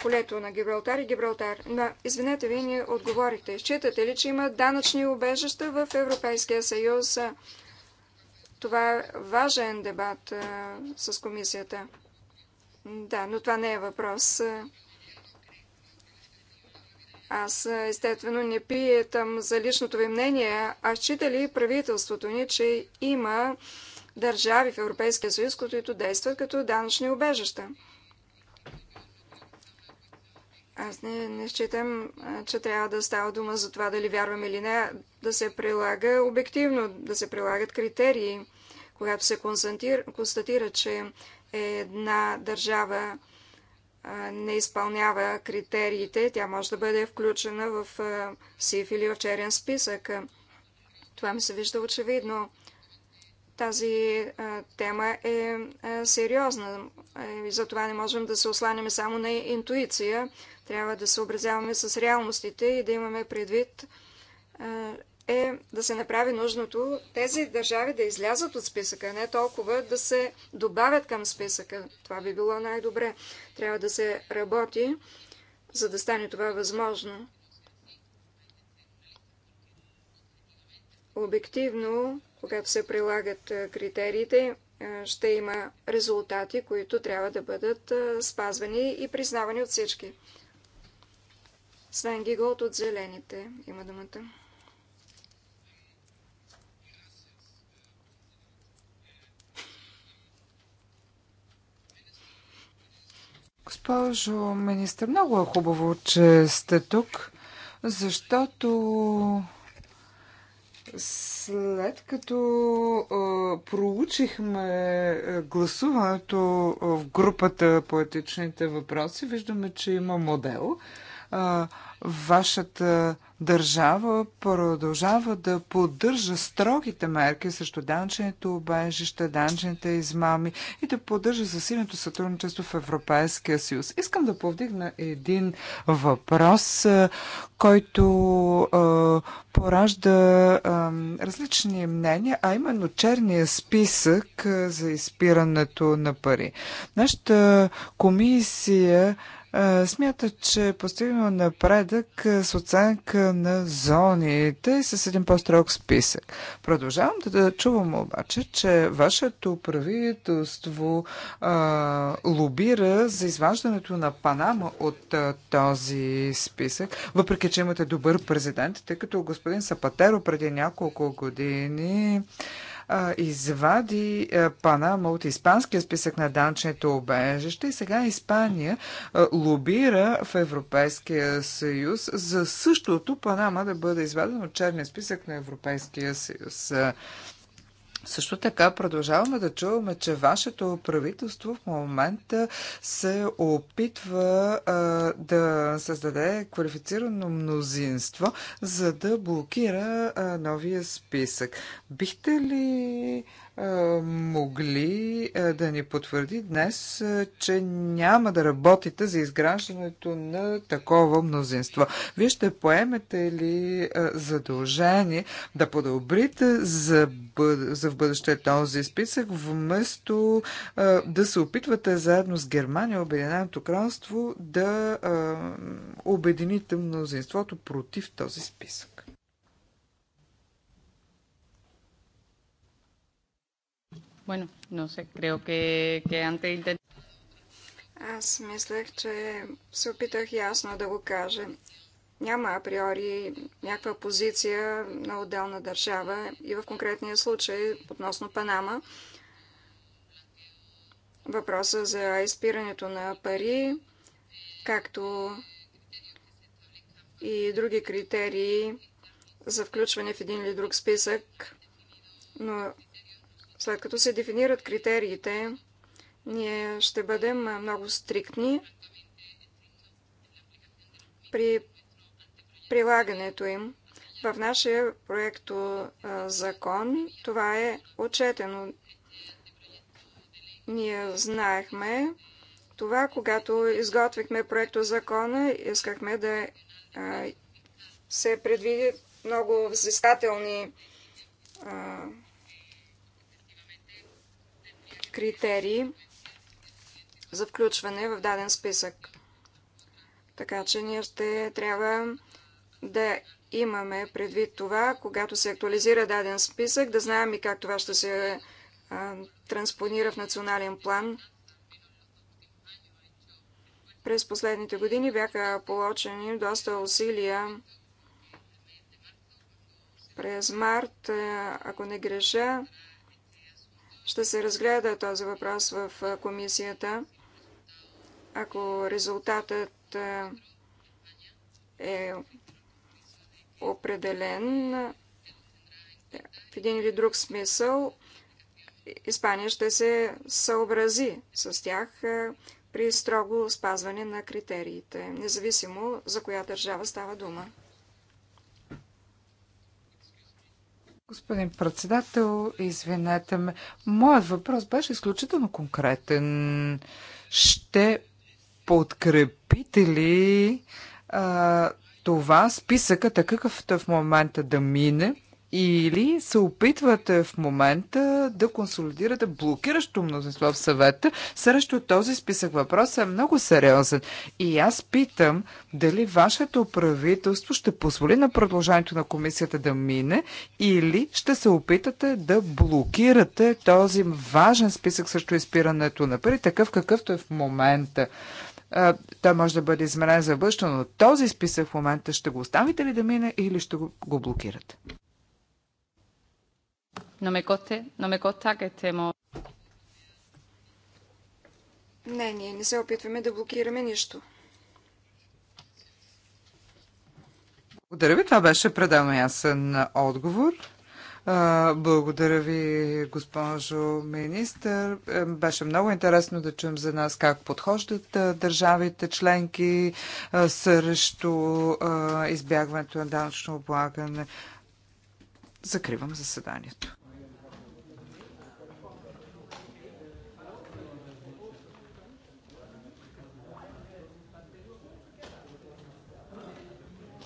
Полето на Гибралтар и Гибралтар. Но, извинете, вие ни отговорихте. Считате ли, че има данъчни убежища в Европейския съюз? Това е важен дебат а, с комисията. Да, но това не е въпрос. Аз естествено не питам за личното ви мнение, а счита ли правителството ни, че има държави в Европейския съюз, които действат като данъчни убежища? Аз не, не считам, че трябва да става дума за това дали вярвам или не, да се прилага обективно, да се прилагат критерии. Когато се констатира, констатира че една държава не изпълнява критериите, тя може да бъде включена в СИФ или в черен списък. Това ми се вижда очевидно. Тази тема е сериозна е, и затова не можем да се осланяме само на интуиция, трябва да съобразяваме с реалностите и да имаме предвид е да се направи нужното тези държави да излязат от списъка, не толкова да се добавят към списъка. Това би било най-добре. Трябва да се работи, за да стане това възможно. Обективно, когато се прилагат критериите, ще има резултати, които трябва да бъдат спазвани и признавани от всички. Свен Гиголт от Зелените има думата. Госпожо министър, много е хубаво, че сте тук, защото след като а, проучихме гласуването в групата по етичните въпроси, виждаме, че има модел – вашата държава продължава да поддържа строгите мерки срещу данченото обежища, данчените измами и да поддържа засиленото сътрудничество в Европейския съюз. Искам да повдигна един въпрос, който поражда различни мнения, а именно черния списък за изпирането на пари. Нашата комисия смята, че постигнал напредък с оценка на зоните и с един по-строг списък. Продължавам да, да чувам обаче, че вашето правителство а, лобира за изваждането на Панама от а, този списък, въпреки че имате добър президент, тъй като господин Сапатеро преди няколко години а, извади а, Панама от испанския списък на данчните обежища и сега Испания а, лобира в Европейския съюз за същото Панама да бъде изваден от черния списък на Европейския съюз. Също така продължаваме да чуваме, че вашето правителство в момента се опитва а, да създаде квалифицирано мнозинство, за да блокира а, новия списък. Бихте ли могли да ни потвърди днес, че няма да работите за изграждането на такова мнозинство. Вие ще поемете ли задължение да подобрите за, за в бъдеще този списък, вместо да се опитвате заедно с Германия, Обединеното кралство, да обедините мнозинството против този списък? Bueno, no sé, creo que, que antes intent... Аз мислех, че се опитах ясно да го кажа. Няма априори някаква позиция на отделна държава и в конкретния случай относно Панама. Въпроса за изпирането на пари, както и други критерии за включване в един или друг списък, но след като се дефинират критериите, ние ще бъдем много стриктни при прилагането им. В нашия проект закон това е отчетено. Ние знаехме това, когато изготвихме проекто закона, искахме да се предвиди много взискателни критерии за включване в даден списък. Така че ние ще трябва да имаме предвид това, когато се актуализира даден списък, да знаем и как това ще се а, транспонира в национален план. През последните години бяха получени доста усилия. През март, е, ако не греша, ще се разгледа този въпрос в комисията. Ако резултатът е определен в един или друг смисъл, Испания ще се съобрази с тях при строго спазване на критериите, независимо за коя държава става дума. Господин председател, извинете ме. Моят въпрос беше изключително конкретен. Ще подкрепите ли а, това списъка, такъв е е в момента да мине, или се опитвате в момента да консолидирате блокиращо мнозинство в съвета срещу този списък. въпроса е много сериозен. И аз питам дали вашето правителство ще позволи на продължението на комисията да мине или ще се опитате да блокирате този важен списък срещу изпирането на пари, такъв какъвто е в момента той може да бъде изменен за бъдеще, но този списък в момента ще го оставите ли да мине или ще го блокирате? No me, coste, no me costa que estemos... Не, ние не се опитваме да блокираме нищо. Благодаря ви. Това беше предално ясен отговор. Благодаря ви, госпожо министър. Е, беше много интересно да чуем за нас как подхождат държавите членки срещу избягването на данъчно облагане. Закривам заседанието.